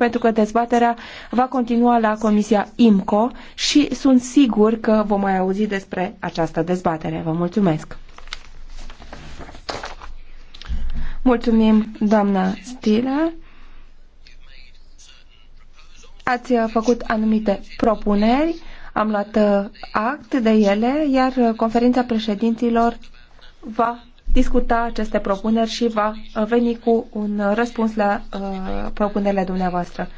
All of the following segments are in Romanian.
pentru că dezbaterea va continua la Comisia IMCO și sunt sigur că vom mai auzi despre această dezbatere. Vă mulțumesc! Mulțumim, doamna Stila. Ați făcut anumite propuneri, am luat act de ele, iar conferința președinților va discuta aceste propuneri și va veni cu un răspuns la uh, propunerile dumneavoastră.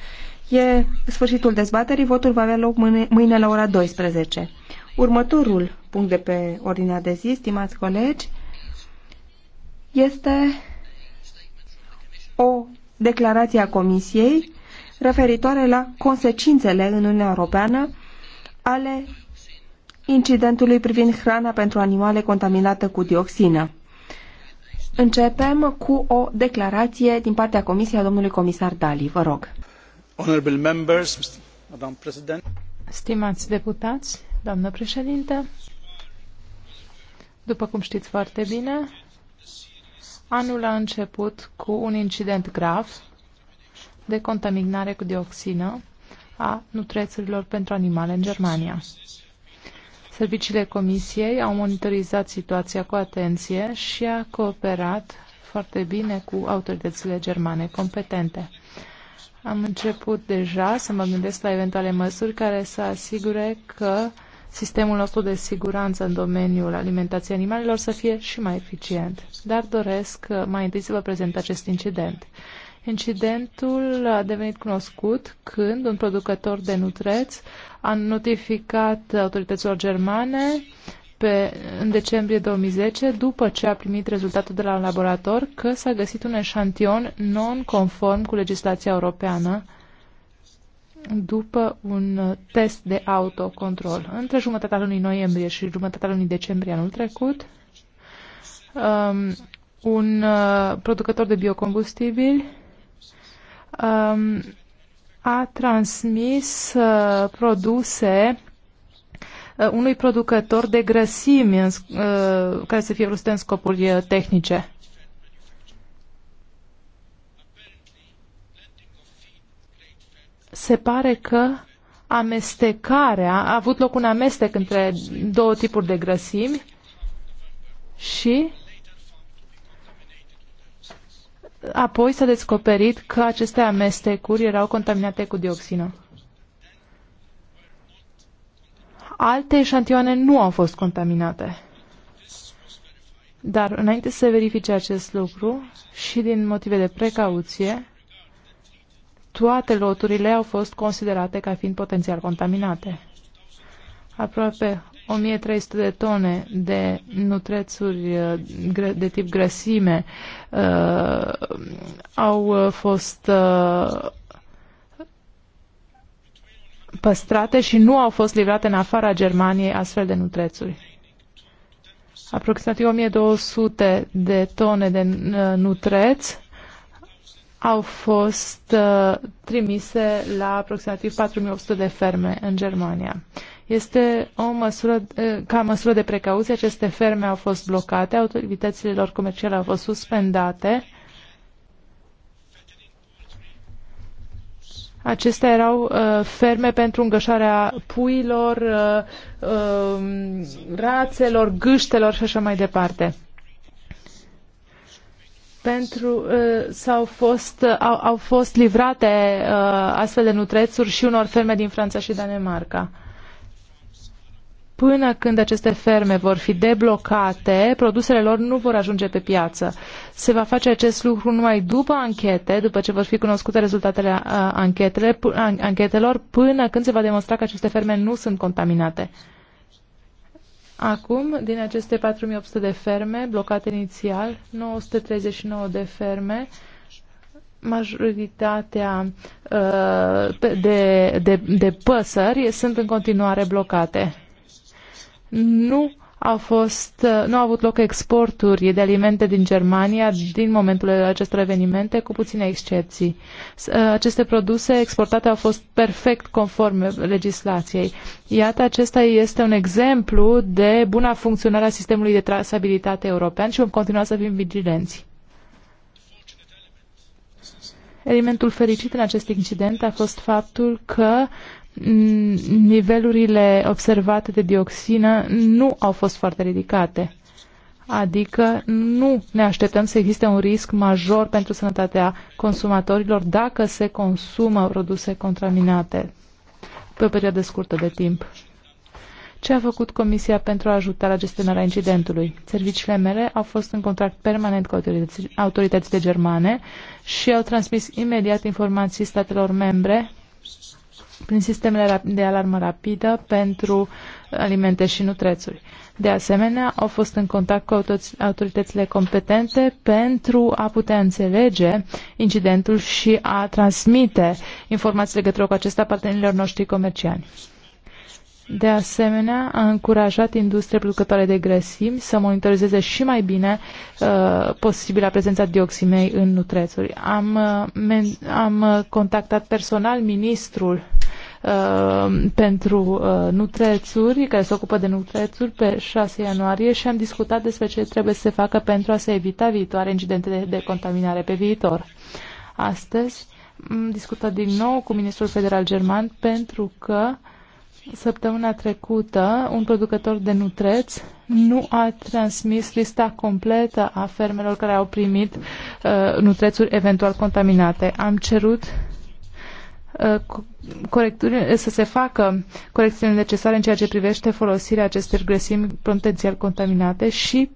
E sfârșitul dezbaterii, votul va avea loc mâine, mâine la ora 12. Următorul punct de pe ordinea de zi, stimați colegi, este o declarație a Comisiei referitoare la consecințele în Uniunea Europeană ale incidentului privind hrana pentru animale contaminată cu dioxină. Începem cu o declarație din partea Comisiei a domnului comisar Dali. Vă rog. Honorable members, Madam President. Stimați deputați, doamnă președinte, după cum știți foarte bine, anul a început cu un incident grav de contaminare cu dioxină a nutrețurilor pentru animale în Germania. Serviciile Comisiei au monitorizat situația cu atenție și a cooperat foarte bine cu autoritățile germane competente. Am început deja să mă gândesc la eventuale măsuri care să asigure că sistemul nostru de siguranță în domeniul alimentației animalelor să fie și mai eficient. Dar doresc uh, mai întâi să vă prezint acest incident. Incidentul a devenit cunoscut când un producător de nutreți a notificat autorităților germane pe, în decembrie 2010, după ce a primit rezultatul de la un laborator, că s-a găsit un eșantion non-conform cu legislația europeană după un test de autocontrol. Între jumătatea lunii noiembrie și jumătatea lunii decembrie anul trecut, um, un uh, producător de biocombustibili um, a transmis uh, produse uh, unui producător de grăsimi uh, care să fie folosite în scopuri tehnice. Se pare că amestecarea, a avut loc un amestec între două tipuri de grăsimi și apoi s-a descoperit că aceste amestecuri erau contaminate cu dioxină. Alte eșantioane nu au fost contaminate. Dar înainte să se verifice acest lucru și din motive de precauție, toate loturile au fost considerate ca fiind potențial contaminate. Aproape 1300 de tone de nutrețuri uh, de tip grăsime uh, au uh, fost uh, păstrate și nu au fost livrate în afara Germaniei astfel de nutrețuri. Aproximativ 1200 de tone de uh, nutreți au fost uh, trimise la aproximativ 4800 de ferme în Germania. Este o măsură, eh, ca măsură de precauție, aceste ferme au fost blocate, autoritățile lor comerciale au fost suspendate. Acestea erau uh, ferme pentru îngășarea puilor, uh, uh, rațelor, gâștelor și așa mai departe. Pentru uh, au fost, uh, au, au fost livrate uh, astfel de nutrețuri și unor ferme din Franța și Danemarca. Uh, Până când aceste ferme vor fi deblocate, produsele lor nu vor ajunge pe piață. Se va face acest lucru numai după anchete, după ce vor fi cunoscute rezultatele uh, anchetelor, până când se va demonstra că aceste ferme nu sunt contaminate. Acum, din aceste 4800 de ferme blocate inițial, 939 de ferme, majoritatea uh, de, de, de păsări sunt în continuare blocate nu au fost, nu au avut loc exporturi de alimente din Germania din momentul acestor evenimente, cu puține excepții. Ă, aceste produse exportate au fost perfect conform legislației. Iată, acesta este un exemplu de buna funcționare a sistemului de trasabilitate european și vom continua să fim vigilenți. Elementul fericit în acest incident a fost faptul că nivelurile observate de dioxină nu au fost foarte ridicate. Adică nu ne așteptăm să existe un risc major pentru sănătatea consumatorilor dacă se consumă produse contaminate pe o perioadă scurtă de timp. Ce a făcut Comisia pentru a ajuta la gestionarea incidentului? Serviciile mele au fost în contract permanent cu autoritățile germane și au transmis imediat informații statelor membre prin sistemele de alarmă rapidă pentru alimente și nutrețuri. De asemenea, au fost în contact cu autoritățile competente pentru a putea înțelege incidentul și a transmite informații legătură cu acesta partenerilor noștri comerciali. De asemenea, a încurajat industria producătoare de grăsimi să monitorizeze și mai bine uh, posibilă prezența dioximei în nutrețuri. Am, uh, am uh, contactat personal ministrul Uh, pentru uh, nutrețuri, care se ocupă de nutrețuri pe 6 ianuarie și am discutat despre ce trebuie să se facă pentru a se evita viitoare incidente de, de contaminare pe viitor. Astăzi am discutat din nou cu Ministrul Federal German pentru că săptămâna trecută un producător de nutreți nu a transmis lista completă a fermelor care au primit uh, nutrețuri eventual contaminate. Am cerut Uh, uh, să se facă corecțiile necesare în ceea ce privește folosirea acestor grăsimi potențial contaminate și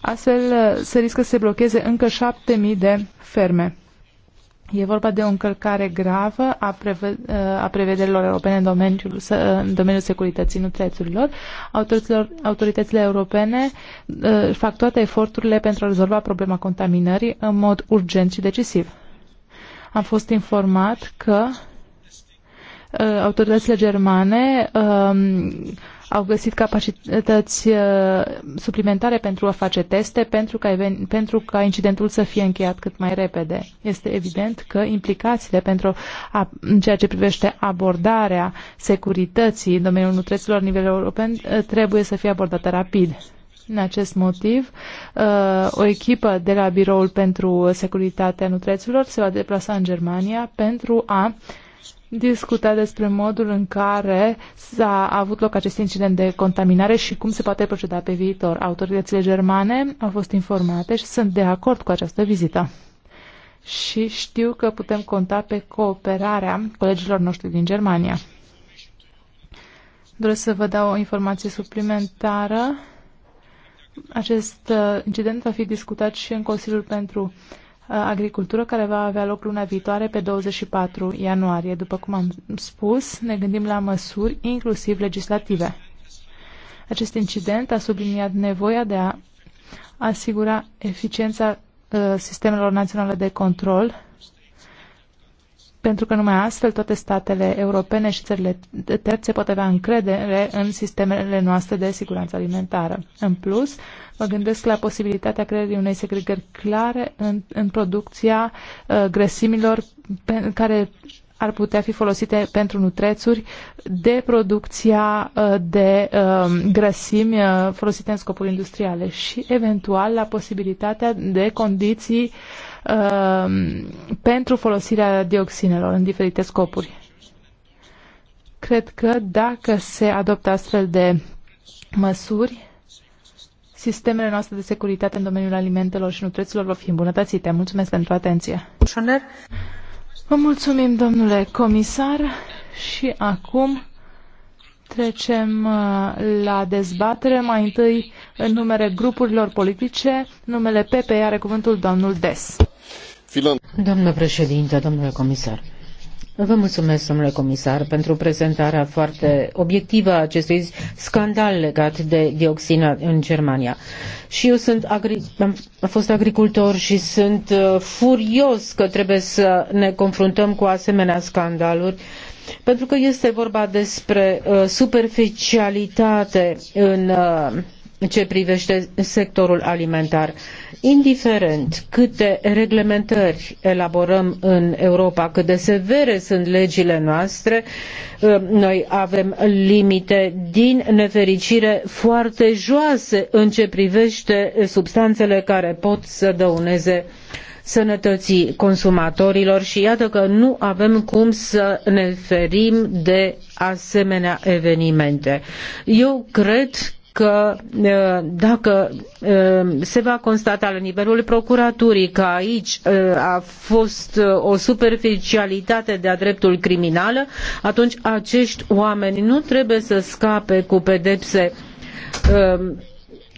astfel uh, se riscă să se blocheze încă 7.000 de ferme. E vorba de o încălcare gravă a, preved a prevederilor europene în domeniul, în domeniul securității nutrețurilor. Autoritățile, autoritățile europene fac toate eforturile pentru a rezolva problema contaminării în mod urgent și decisiv. Am fost informat că uh, autoritățile germane um, au găsit capacități uh, suplimentare pentru a face teste pentru ca, even, pentru ca incidentul să fie încheiat cât mai repede. Este evident că implicațiile pentru a, în ceea ce privește abordarea securității în domeniul nutreților la nivel european uh, trebuie să fie abordate rapid. În acest motiv, uh, o echipă de la Biroul pentru Securitatea Nutreților se va deplasa în Germania pentru a discuta despre modul în care s-a avut loc acest incident de contaminare și cum se poate proceda pe viitor. Autoritățile germane au fost informate și sunt de acord cu această vizită. Și știu că putem conta pe cooperarea colegilor noștri din Germania. Doresc să vă dau o informație suplimentară acest uh, incident va fi discutat și în Consiliul pentru uh, Agricultură, care va avea loc luna viitoare, pe 24 ianuarie. După cum am spus, ne gândim la măsuri, inclusiv legislative. Acest incident a subliniat nevoia de a asigura eficiența uh, sistemelor naționale de control pentru că numai astfel toate statele europene și țările terțe pot avea încredere în sistemele noastre de siguranță alimentară. În plus, mă gândesc la posibilitatea creării unei segregări clare în, în producția uh, grăsimilor pe, care ar putea fi folosite pentru nutrețuri de producția uh, de um, grăsimi uh, folosite în scopuri industriale și eventual la posibilitatea de condiții um, pentru folosirea dioxinelor în diferite scopuri. Cred că dacă se adoptă astfel de măsuri, sistemele noastre de securitate în domeniul alimentelor și nutreților vor fi îmbunătățite. Mulțumesc pentru atenție. Vă mulțumim, domnule comisar, și acum trecem uh, la dezbatere. Mai întâi, în numele grupurilor politice, numele PPE are cuvântul domnul Des. Domnule președinte, domnule comisar, Vă mulțumesc, domnule comisar, pentru prezentarea foarte obiectivă a acestui scandal legat de dioxină în Germania. Și eu sunt agri- am fost agricultor și sunt uh, furios că trebuie să ne confruntăm cu asemenea scandaluri, pentru că este vorba despre uh, superficialitate în uh, ce privește sectorul alimentar indiferent câte reglementări elaborăm în Europa, cât de severe sunt legile noastre, ă, noi avem limite din nefericire foarte joase în ce privește substanțele care pot să dăuneze sănătății consumatorilor și iată că nu avem cum să ne ferim de asemenea evenimente. Eu cred că dacă se va constata la nivelul procuraturii că aici a fost o superficialitate de-a dreptul criminală, atunci acești oameni nu trebuie să scape cu pedepse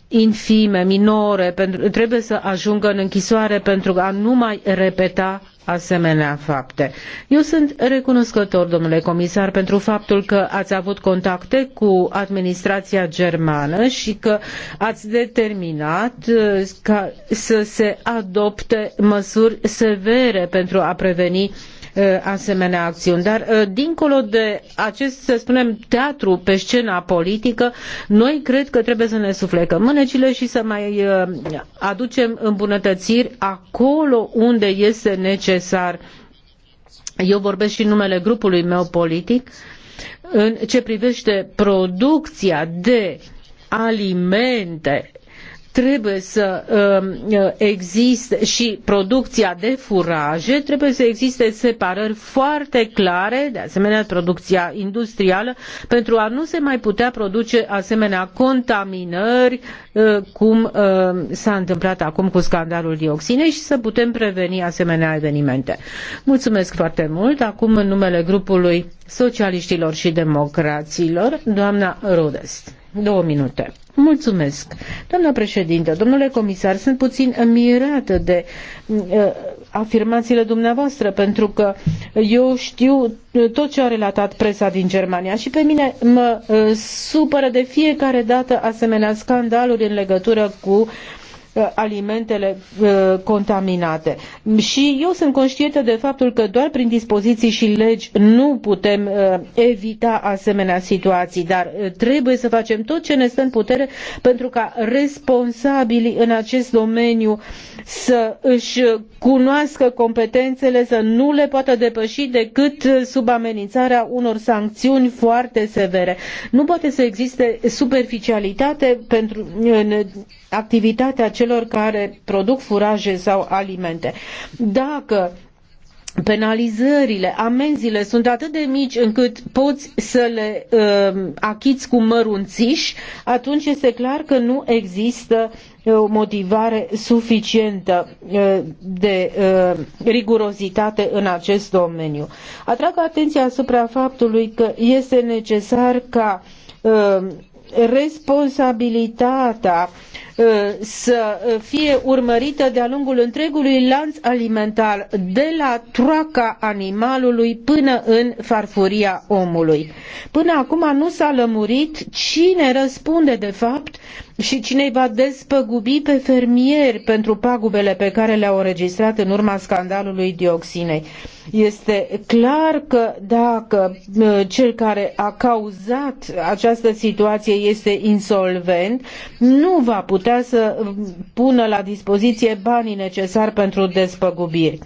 infime, minore, pentru, trebuie să ajungă în închisoare pentru a nu mai repeta asemenea fapte. Eu sunt recunoscător, domnule comisar, pentru faptul că ați avut contacte cu administrația germană și că ați determinat uh, ca să se adopte măsuri severe pentru a preveni uh, Uh, asemenea acțiuni. Dar uh, dincolo de acest, să spunem, teatru pe scena politică, noi cred că trebuie să ne suflecăm mânecile și să mai uh, aducem îmbunătățiri acolo unde este necesar. Eu vorbesc și în numele grupului meu politic în ce privește producția de alimente trebuie să um, uh, existe și producția de furaje, trebuie să existe separări foarte clare, de asemenea producția industrială, pentru a nu se mai putea produce asemenea contaminări uh, cum uh, s-a întâmplat acum cu scandalul dioxinei și să putem preveni asemenea evenimente. Mulțumesc foarte mult. Acum, în numele grupului socialiștilor și democraților, doamna Rodest. Două minute. Mulțumesc. Doamna președinte, domnule comisar, sunt puțin mirată de uh, afirmațiile dumneavoastră, pentru că eu știu tot ce a relatat presa din Germania și pe mine mă uh, supără de fiecare dată asemenea scandaluri în legătură cu uh, Uh, alimentele uh, contaminate. Și eu sunt conștientă de faptul că doar prin dispoziții și legi nu putem uh, evita asemenea situații, dar trebuie să facem tot ce ne stă în putere pentru ca responsabilii în acest domeniu să își cunoască competențele, să nu le poată depăși decât sub amenințarea unor sancțiuni foarte severe. Nu poate să existe superficialitate pentru în activitatea celor care produc furaje sau alimente. Dacă penalizările, amenziile sunt atât de mici încât poți să le uh, achiți cu mărunțiși, atunci este clar că nu există uh, o motivare suficientă uh, de uh, rigurozitate în acest domeniu. Atrag atenția asupra faptului că este necesar ca responsabilitatea Uh, să fie urmărită de-a lungul întregului lanț alimentar, de la troaca animalului până în farfuria omului. Până acum nu s-a lămurit cine răspunde de fapt și cine va despăgubi pe fermieri pentru pagubele pe care le-au înregistrat în urma scandalului dioxinei. Este clar că dacă uh, cel care a cauzat această situație este insolvent, nu va putea putea să pună la dispoziție banii necesari pentru despăgubiri.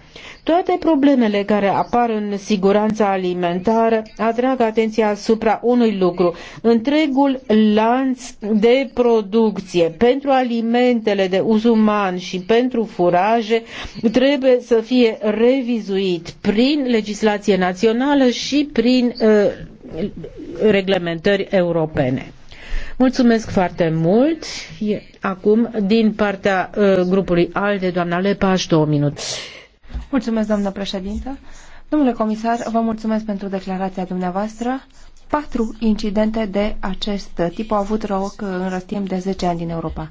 Toate problemele care apar în siguranța alimentară atrag atenția asupra unui lucru, întregul lanț de producție pentru alimentele de uz uman și pentru furaje trebuie să fie revizuit prin legislație națională și prin uh, reglementări europene. Mulțumesc foarte mult. Acum, din partea uh, grupului ALDE, doamna Lepaș, două minute. Mulțumesc, doamnă președintă. Domnule comisar, vă mulțumesc pentru declarația dumneavoastră. Patru incidente de acest tip au avut loc uh, în răstim de 10 ani din Europa.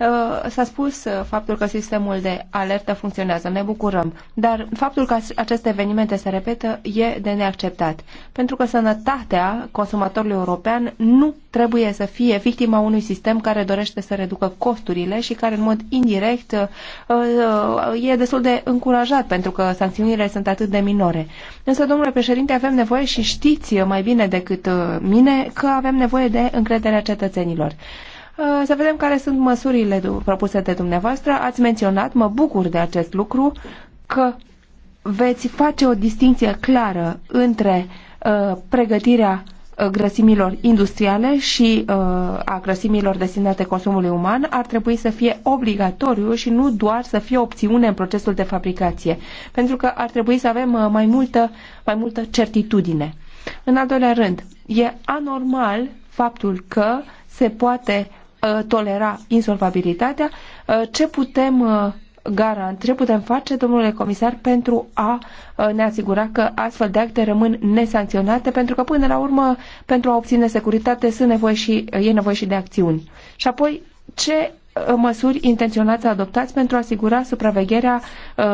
Uh, s-a spus uh, faptul că sistemul de alertă funcționează, ne bucurăm, dar faptul că aceste evenimente se repetă e de neacceptat, pentru că sănătatea consumatorului european nu trebuie să fie victima unui sistem care dorește să reducă costurile și care în mod indirect uh, e destul de încurajat pentru că sancțiunile sunt atât de minore. Însă, domnule președinte, avem nevoie și știți mai bine decât mine că avem nevoie de încrederea cetățenilor. Uh, să vedem care sunt măsurile propuse de dumneavoastră. Ați menționat, mă bucur de acest lucru, că veți face o distinție clară între uh, pregătirea uh, grăsimilor industriale și uh, a grăsimilor destinate consumului uman ar trebui să fie obligatoriu și nu doar să fie opțiune în procesul de fabricație, pentru că ar trebui să avem uh, mai, multă, mai multă certitudine. În al doilea rând, e anormal faptul că se poate Uh, tolera insolvabilitatea, uh, ce putem uh, garanta? ce putem face, domnule comisar, pentru a ne asigura că astfel de acte rămân nesancționate, pentru că până la urmă, pentru a obține securitate, sunt nevoie și, e nevoie și de acțiuni. Și apoi, ce Uh, măsuri intenționați adoptați pentru a asigura supravegherea uh,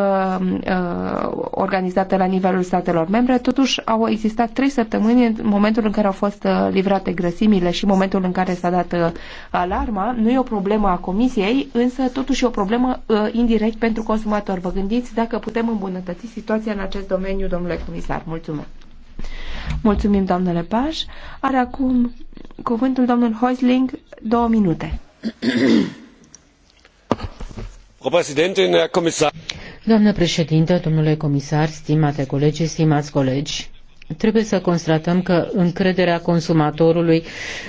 uh, organizată la nivelul statelor membre. Totuși, au existat trei săptămâni în momentul în care au fost uh, livrate grăsimile și momentul în care s-a dat uh, alarma. Nu e o problemă a Comisiei, însă totuși e o problemă uh, indirect pentru consumator. Vă gândiți dacă putem îmbunătăți situația în acest domeniu, domnule comisar. Mulțumesc! Mulțumim, doamnele Paș. Are acum cuvântul domnul Hoisling, două minute. Doamnă președintă, domnule comisar, stimate colegi, stimați colegi, trebuie să constatăm că încrederea consumatorului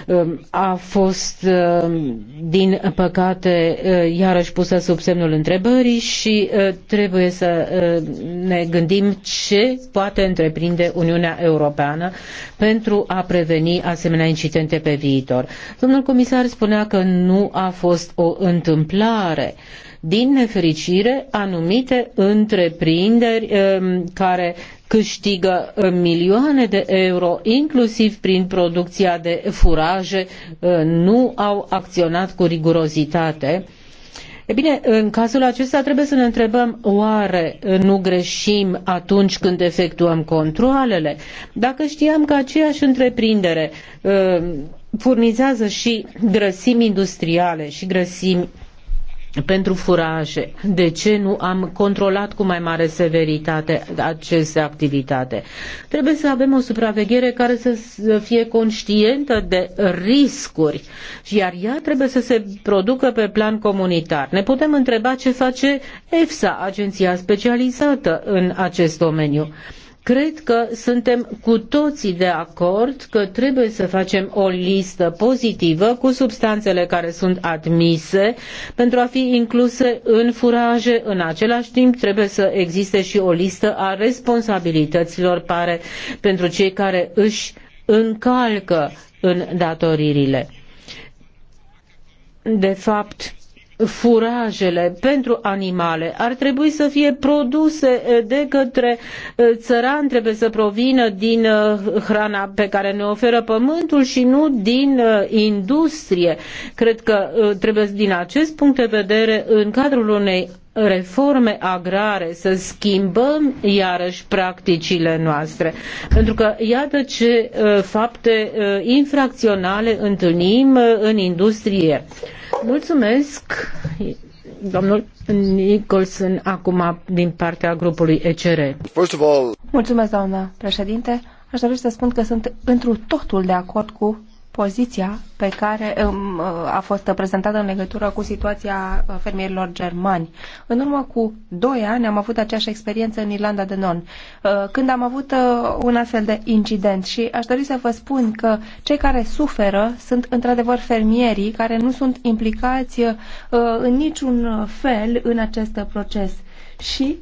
um, a fost, um, din păcate, uh, iarăși pusă sub semnul întrebării și uh, trebuie să uh, ne gândim ce poate întreprinde Uniunea Europeană pentru a preveni asemenea incidente pe viitor. Domnul comisar spunea că nu a fost o întâmplare din nefericire, anumite întreprinderi ehm, care câștigă eh, milioane de euro, inclusiv prin producția de furaje, eh, nu au acționat cu rigurozitate. E bine, în cazul acesta trebuie să ne întrebăm oare eh, nu greșim atunci când efectuăm controlele? Dacă știam că aceeași întreprindere ehm, furnizează și grăsimi industriale și grăsimi pentru furaje. De ce nu am controlat cu mai mare severitate aceste activitate? Trebuie să avem o supraveghere care să fie conștientă de riscuri, iar ea trebuie să se producă pe plan comunitar. Ne putem întreba ce face EFSA, agenția specializată în acest domeniu. Cred că suntem cu toții de acord că trebuie să facem o listă pozitivă cu substanțele care sunt admise pentru a fi incluse în furaje. În același timp trebuie să existe și o listă a responsabilităților pare pentru cei care își încalcă în datoririle. De fapt, furajele pentru animale ar trebui să fie produse eh, de către eh, țăran, trebuie să provină din eh, hrana pe care ne oferă pământul și nu din industrie. Cred că trebuie din acest punct de vedere în cadrul unei reforme agrare, să schimbăm iarăși practicile noastre. Pentru că iată ce uh, fapte uh, infracționale întâlnim uh, în industrie. Mulțumesc, domnul Nicholson, acum din partea grupului ECR. First of all, Mulțumesc, doamna președinte. Aș dori să spun că sunt întru totul de acord cu poziția pe care um, a fost prezentată în legătură cu situația uh, fermierilor germani. În urmă cu doi ani am avut aceeași experiență în Irlanda de Nord, uh, când am avut uh, un astfel de incident și aș dori să vă spun că cei care suferă sunt într-adevăr fermierii care nu sunt implicați în niciun fel în acest proces și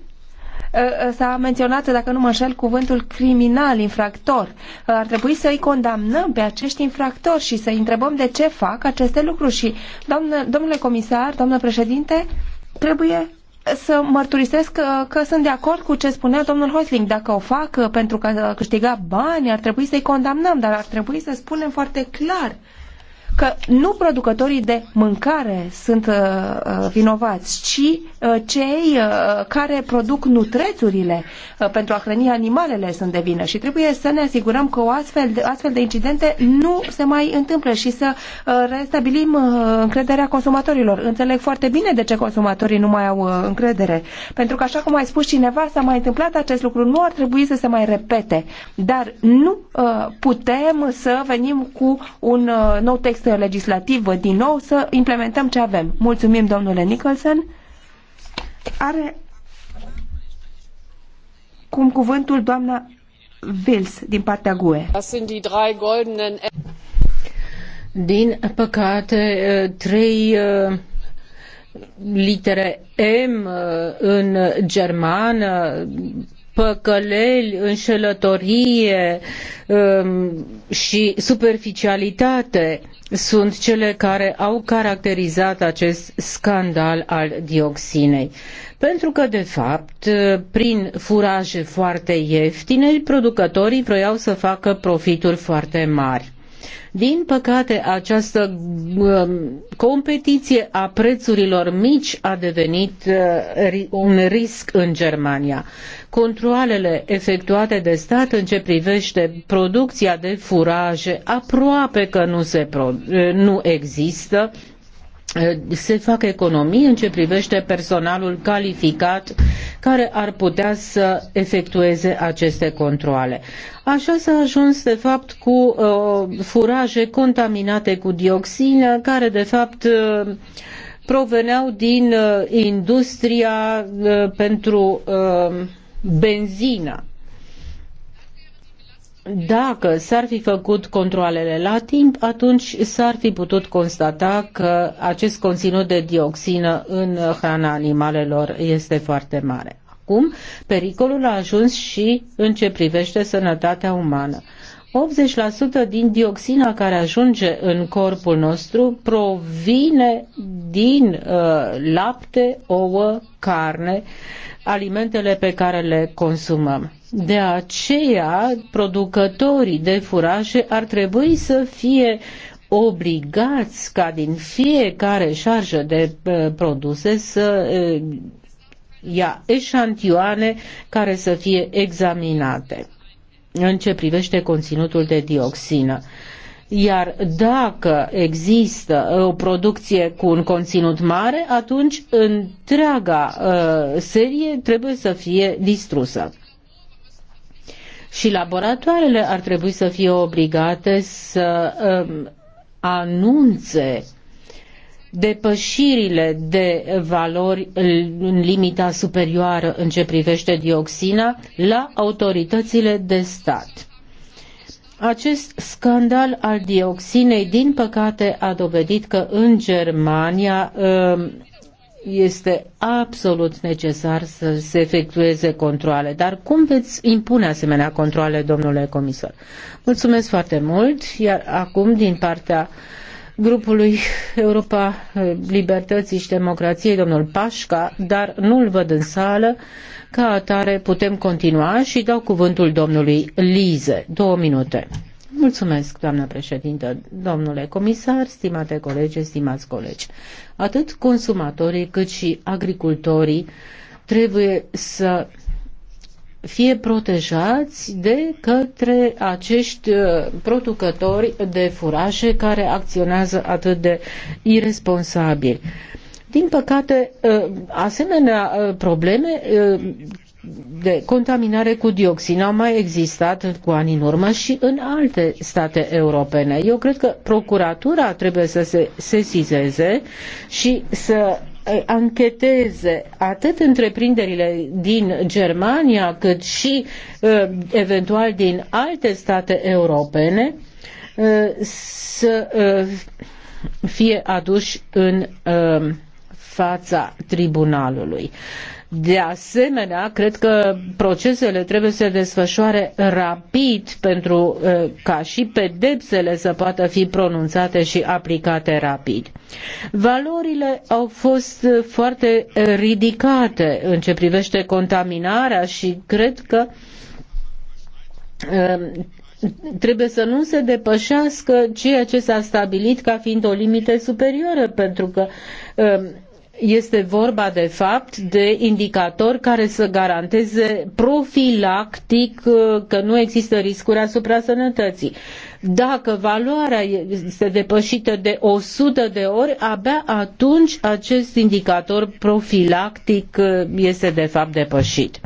Ă, ă, s-a menționat, dacă nu mă înșel, cuvântul criminal, infractor. Ă, ar trebui să-i condamnăm pe acești infractori și să-i întrebăm de ce fac aceste lucruri. Și, doamnă, domnule comisar, doamnă președinte, trebuie să mărturisesc că, că sunt de acord cu ce spunea domnul Hosling. Dacă o fac pentru că câștiga bani, ar trebui să-i condamnăm, dar ar trebui să spunem foarte clar uh, că nu producătorii de mâncare sunt uh, uh, vinovați, ci uh, cei uh, care produc nutrețurile uh, pentru a hrăni animalele sunt de vină și trebuie să ne asigurăm că o astfel de, astfel de incidente nu se mai întâmplă și să uh, restabilim uh, încrederea consumatorilor. Înțeleg foarte bine de ce consumatorii nu mai au uh, încredere, pentru că așa cum ai spus cineva, s-a mai întâmplat acest lucru, nu ar trebui să se mai repete, dar nu uh, putem să venim cu un uh, nou text text legislativ din nou să implementăm ce avem. Mulțumim, domnule Nicholson. Are cum cuvântul doamna Vils din partea GUE. Din păcate, eh, trei eh, litere M eh, în germană, păcăleli, înșelătorie și superficialitate sunt cele care au caracterizat acest scandal al dioxinei. Pentru că, de fapt, prin furaje foarte ieftine, producătorii vroiau să facă profituri foarte mari. Din păcate, această um, competiție a prețurilor mici a devenit uh, un risc în Germania controalele efectuate de stat în ce privește producția de furaje aproape că nu, se eh, nu există, eh, se fac economii în ce privește personalul calificat care ar putea să efectueze aceste controale. Așa s-a ajuns, de fapt, cu uh, furaje contaminate cu dioxină, care, de fapt, uh, proveneau din uh, industria uh, pentru. Uh, benzină. Dacă s-ar fi făcut controlele la timp, atunci s-ar fi putut constata că acest conținut de dioxină în hrana animalelor este foarte mare. Acum, pericolul a ajuns și în ce privește sănătatea umană. 80% din dioxina care ajunge în corpul nostru provine din uh, lapte, ouă, carne alimentele pe care le consumăm. De aceea, producătorii de furaje ar trebui să fie obligați ca din fiecare șarjă de uh, produse să uh, ia eșantioane care să fie examinate în ce privește conținutul de dioxină. Iar dacă există uh, o producție cu un conținut mare, atunci întreaga uh, serie trebuie să fie distrusă. Și laboratoarele ar trebui să fie obligate să um, anunțe depășirile de valori în limita superioară în ce privește dioxina la autoritățile de stat. Acest scandal al dioxinei, din păcate, a dovedit că în Germania um, este absolut necesar să se efectueze controle. Dar cum veți impune asemenea controle, domnule comisar? Mulțumesc foarte mult, iar acum din partea grupului Europa uh, Libertății și Democrației, domnul Pașca, dar nu-l văd în sală, ca atare putem continua și dau cuvântul domnului Lize. Două minute. Mulțumesc, doamnă președintă, domnule comisar, stimate colegi, stimați colegi. Atât consumatorii cât și agricultorii trebuie să fie protejați de către acești uh, producători de furaje care acționează atât de irresponsabil. Din păcate, ă, asemenea ă, probleme ă, de contaminare cu dioxin au mai existat cu ani în urmă și în alte state europene. Eu cred că procuratura trebuie să se sesizeze și să ancheteze atât întreprinderile din Germania cât și eventual din alte state europene să fie aduși în fața tribunalului. De asemenea, cred că procesele trebuie să se desfășoare rapid pentru eh, ca și pedepsele să poată fi pronunțate și aplicate rapid. Valorile au fost foarte eh, ridicate în ce privește contaminarea și cred că eh, trebuie să nu se depășească ceea ce s-a stabilit ca fiind o limită superioară, pentru că este vorba, de fapt, de indicatori care să garanteze profilactic uh, că nu există riscuri asupra sănătății. Dacă valoarea este depășită de 100 de ori, abia atunci acest indicator profilactic uh, este, de fapt, depășit.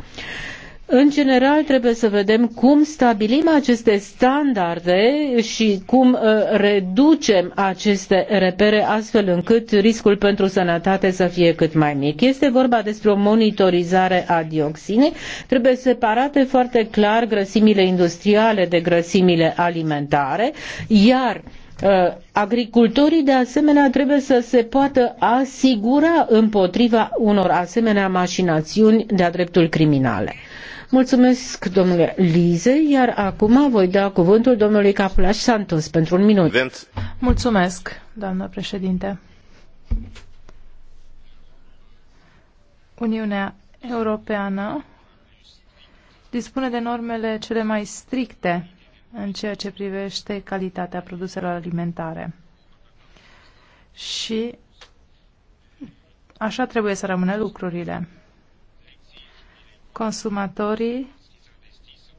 În general, trebuie să vedem cum stabilim aceste standarde și cum uh, reducem aceste repere astfel încât riscul pentru sănătate să fie cât mai mic. Este vorba despre o monitorizare a dioxinei. Trebuie separate foarte clar grăsimile industriale de grăsimile alimentare, iar uh, Agricultorii, de asemenea, trebuie să se poată asigura împotriva unor asemenea mașinațiuni de-a dreptul criminale. Mulțumesc, domnule Lize, iar acum voi da cuvântul domnului Capulaș Santos pentru un minut. Mulțumesc, doamnă președinte. Uniunea Europeană dispune de normele cele mai stricte în ceea ce privește calitatea produselor alimentare. Și așa trebuie să rămână lucrurile. Consumatorii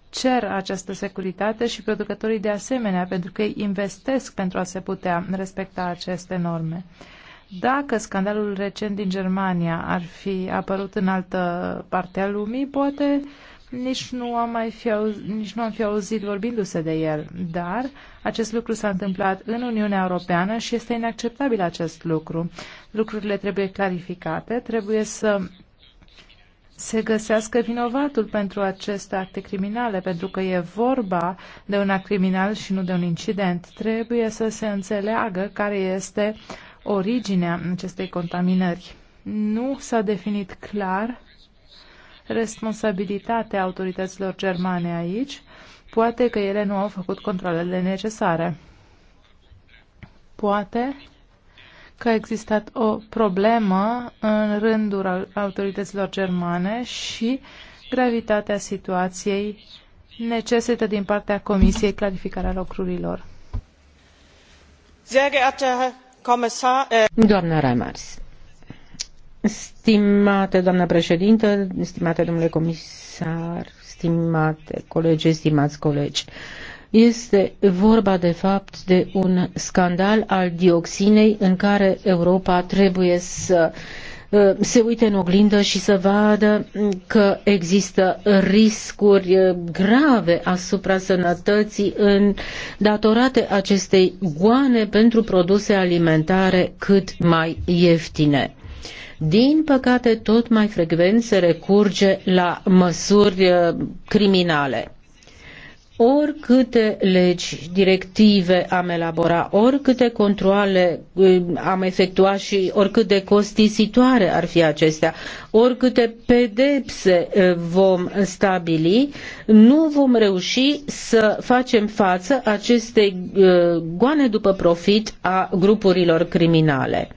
cer această securitate și producătorii de asemenea, pentru că ei investesc pentru a se putea respecta aceste norme. Dacă scandalul recent din Germania ar fi apărut în altă parte a lumii, poate nici nu am, mai fi auzit, nici nu am fi auzit vorbindu-se de el, dar acest lucru s-a întâmplat în Uniunea Europeană și este inacceptabil acest lucru. Lucrurile trebuie clarificate, trebuie să se găsească vinovatul pentru aceste acte criminale, pentru că e vorba de un act criminal și nu de un incident. Trebuie să se înțeleagă care este originea acestei contaminări. Nu s-a definit clar responsabilitatea autorităților germane aici, poate că ele nu au făcut controlele necesare. Poate că a existat o problemă în rândul autorităților germane și gravitatea situației necesită din partea Comisiei clarificarea lucrurilor. Äh, Doamna Reimers, stimate doamnă președintă, stimate domnule comisar, stimate colegi, stimați colegi, este vorba, de fapt, de un scandal al dioxinei în care Europa trebuie să uh, se uite în oglindă și să vadă că există riscuri uh, grave asupra sănătății în datorate acestei goane pentru produse alimentare cât mai ieftine. Din păcate, tot mai frecvent se recurge la măsuri uh, criminale oricâte legi, directive am elabora, oricâte controle eh, am efectua și oricât de costisitoare ar fi acestea, oricâte pedepse eh, vom stabili, nu vom reuși să facem față acestei eh, goane după profit a grupurilor criminale.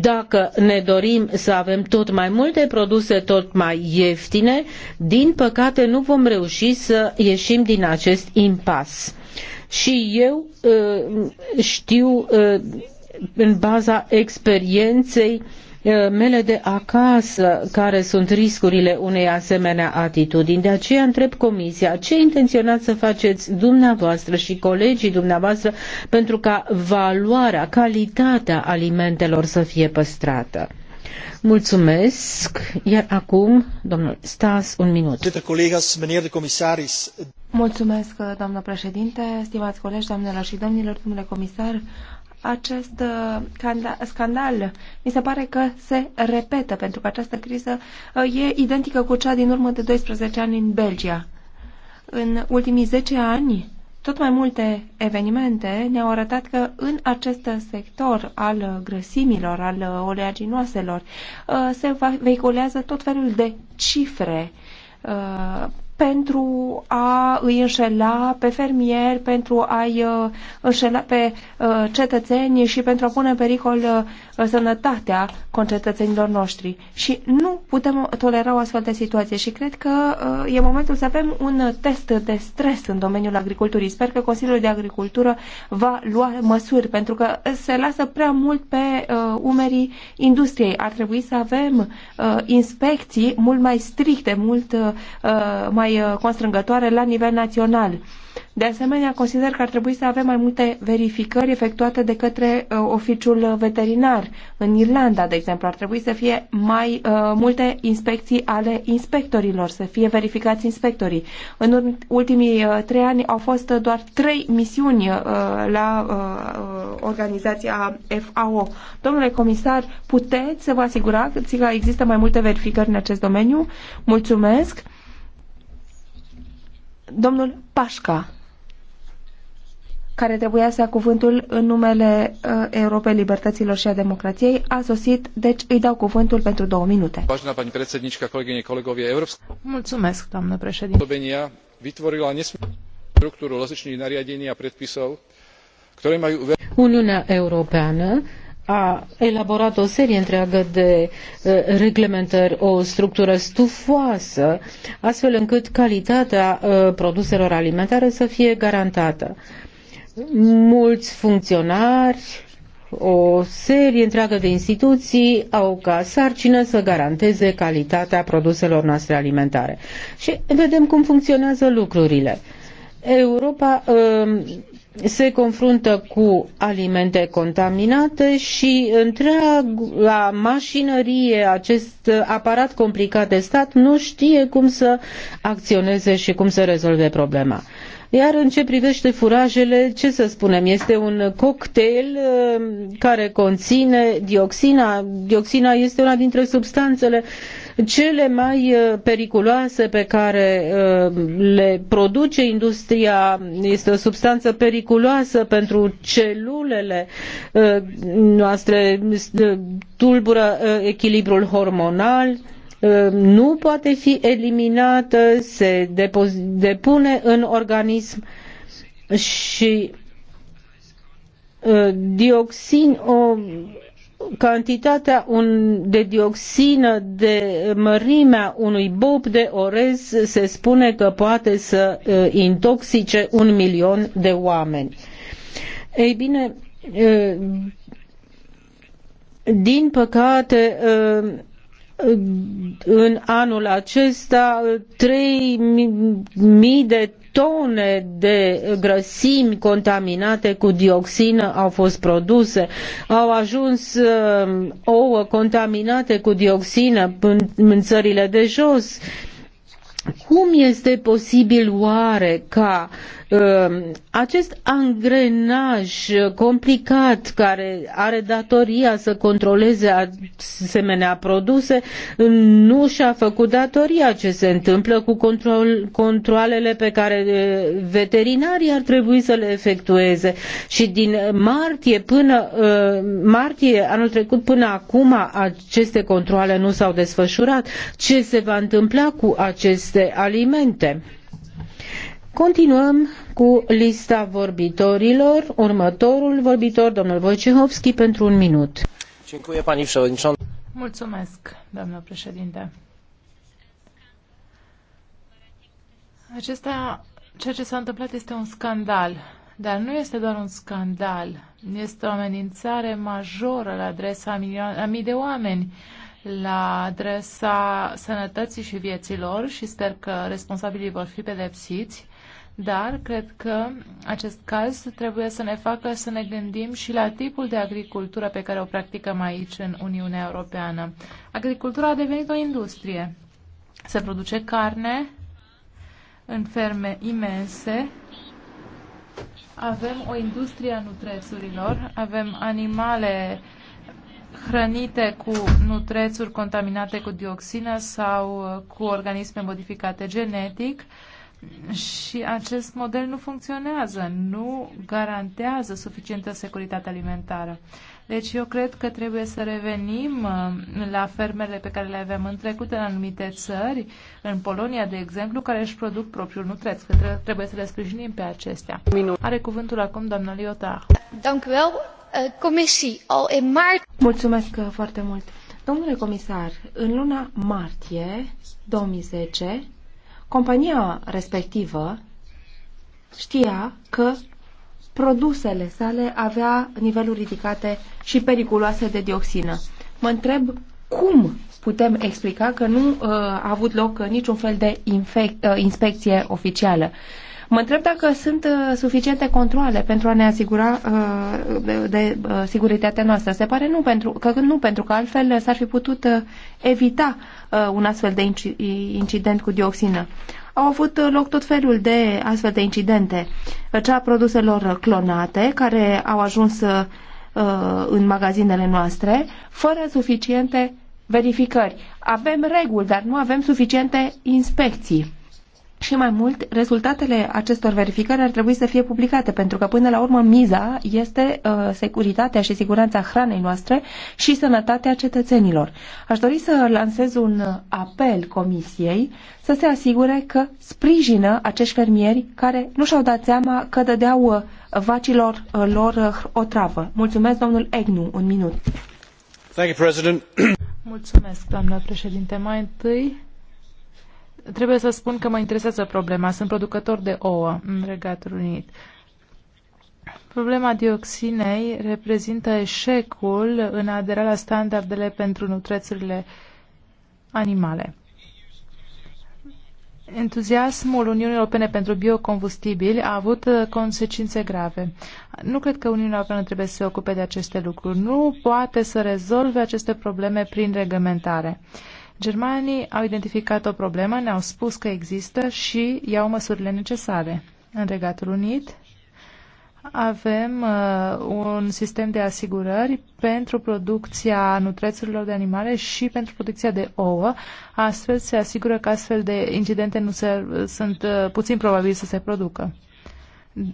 Dacă ne dorim să avem tot mai multe produse tot mai ieftine, din păcate nu vom reuși să ieșim din acest impas. Și eu uh, știu uh, în baza experienței Eh, mele de acasă care sunt riscurile unei asemenea atitudini. De aceea întreb Comisia ce intenționați să faceți dumneavoastră și colegii dumneavoastră pentru ca valoarea, calitatea alimentelor să fie păstrată. Mulțumesc. Iar acum, domnul Stas, un minut. de Mulțumesc, doamnă președinte, stimați colegi, doamnelor și domnilor, domnule comisar acest uh, scandal. Mi se pare că se repetă, pentru că această criză uh, e identică cu cea din urmă de 12 ani în Belgia. În ultimii 10 ani, tot mai multe evenimente ne-au arătat că în acest sector al grăsimilor, al oleaginoaselor, uh, se vehiculează tot felul de cifre pentru a îi înșela pe fermieri, pentru a-i uh, înșela pe uh, cetățeni și pentru a pune în pericol uh, sănătatea concetățenilor noștri. Și nu putem tolera o astfel de situație și cred că e momentul să avem un test de stres în domeniul agriculturii. Sper că Consiliul de Agricultură va lua măsuri, pentru că se lasă prea mult pe umerii industriei. Ar trebui să avem inspecții mult mai stricte, mult mai mai uh, constrângătoare la nivel național. De asemenea, consider că ar trebui să avem mai multe verificări efectuate de către uh, oficiul veterinar. În Irlanda, de exemplu, ar trebui să fie mai uh, multe inspecții ale inspectorilor, să fie verificați inspectorii. În ultimii uh, trei ani au fost uh, doar trei misiuni uh, la uh, uh organizația FAO. Domnule comisar, puteți să vă asigurați că există mai multe verificări în acest domeniu? Mulțumesc! Domnul Pașca, care trebuia să ia cuvântul în numele uh, Europei Libertăților și a Democrației, a sosit, deci îi dau cuvântul pentru două minute. Vážená pani predsednička, kolegyne, kolegovie, Európska... Mulțumesc, doamnă președinte. vytvorila nesmiernu struktúru rozličných nariadení a predpisov, ktoré majú... Uniunea Europeană a elaborat o serie întreagă de uh, reglementări, o structură stufoasă, astfel încât calitatea uh, produselor alimentare să fie garantată. Mulți funcționari, o serie întreagă de instituții au ca sarcină să garanteze calitatea produselor noastre alimentare. Și vedem cum funcționează lucrurile. Europa uh, se confruntă cu alimente contaminate și întreaga mașinărie, acest aparat complicat de stat nu știe cum să acționeze și cum să rezolve problema. Iar în ce privește furajele, ce să spunem, este un cocktail uh, care conține dioxina. Dioxina este una dintre substanțele uh, cele mai uh, periculoase pe care uh, le produce industria. Este o substanță periculoasă pentru celulele uh, noastre, tulbură echilibrul hormonal, nu poate fi eliminată, se depune în organism și dioxin, o cantitatea un, de dioxină de mărimea unui bob de orez se spune că poate să intoxice un milion de oameni. Ei bine, din păcate, în anul acesta 3.000 de tone de grăsimi contaminate cu dioxină au fost produse. Au ajuns uh, ouă contaminate cu dioxină în, țările de jos. Cum este posibil oare ca uh, Ehm, acest angrenaj complicat care are datoria să controleze asemenea produse nu și-a făcut datoria ce se întâmplă cu control, controlele pe care veterinarii ar trebui să le efectueze și din martie până martie anul trecut până acum aceste controle nu s-au desfășurat ce se va întâmpla cu aceste alimente Continuăm cu lista vorbitorilor. Următorul vorbitor, domnul Wojciechowski, pentru un minut. Mulțumesc, doamnă președinte. Acesta, ceea ce s-a întâmplat este un scandal, dar nu este doar un scandal, este o amenințare majoră la adresa a mii de oameni la adresa sănătății și vieților și sper că responsabilii vor fi pedepsiți dar cred că acest caz trebuie să ne facă să ne gândim și la tipul de agricultură pe care o practicăm aici în Uniunea Europeană. Agricultura a devenit o industrie. Se produce carne în ferme imense. Avem o industrie a nutrețurilor, avem animale hrănite cu nutrețuri contaminate cu dioxină sau cu organisme modificate genetic. Uh, și acest model nu funcționează, nu garantează suficientă securitate alimentară. Deci eu cred că trebuie să revenim uh, la fermele pe care le avem în trecut în anumite țări, în Polonia, de exemplu, care își produc propriul nutreț, că trebuie să le sprijinim pe acestea. Minut. Are cuvântul acum doamna Liota. Eh, Mulțumesc eh, foarte mult. Domnule comisar, în luna martie 2010, Compania respectivă știa că produsele sale avea niveluri ridicate și periculoase de dioxină. Mă întreb cum putem explica că nu uh, a avut loc niciun fel de infec- uh, inspecție oficială. Mă întreb dacă sunt uh, suficiente controle pentru a ne asigura uh, de, de uh, securitatea noastră. Se pare nu pentru, că nu, pentru că altfel s-ar fi putut evita un astfel de incident cu dioxină. Au avut loc tot felul de astfel de incidente. Cea a produselor clonate, care au ajuns în magazinele noastre, fără suficiente verificări. Avem reguli, dar nu avem suficiente inspecții. Și mai mult, rezultatele acestor verificări ar trebui să fie publicate, pentru că până la urmă miza este uh, securitatea și siguranța hranei noastre și sănătatea cetățenilor. Aș dori să lansez un apel Comisiei să se asigure că sprijină acești fermieri care nu și-au dat seama că dădeau uh, vacilor uh, lor uh, o travă. Mulțumesc, domnul Egnu, un minut. Thank you, President. Mulțumesc, doamna președinte. Mai întâi Trebuie să spun că mă interesează problema. Sunt producător de ouă în Regatul Unit. Problema dioxinei reprezintă eșecul în aderarea la standardele pentru nutrețurile animale. Entuziasmul Uniunii Europene pentru biocombustibili a avut uh, consecințe grave. Nu cred că Uniunea Europeană trebuie să se ocupe de aceste lucruri. Nu poate să rezolve aceste probleme prin reglementare. Uh, Germanii au identificat o problemă, ne-au spus că există și iau măsurile necesare. În Regatul Unit avem uh, un sistem de asigurări pentru producția nutrețurilor de animale și pentru producția de ouă. Astfel se asigură că astfel de incidente nu se, sunt uh, puțin probabil să se producă.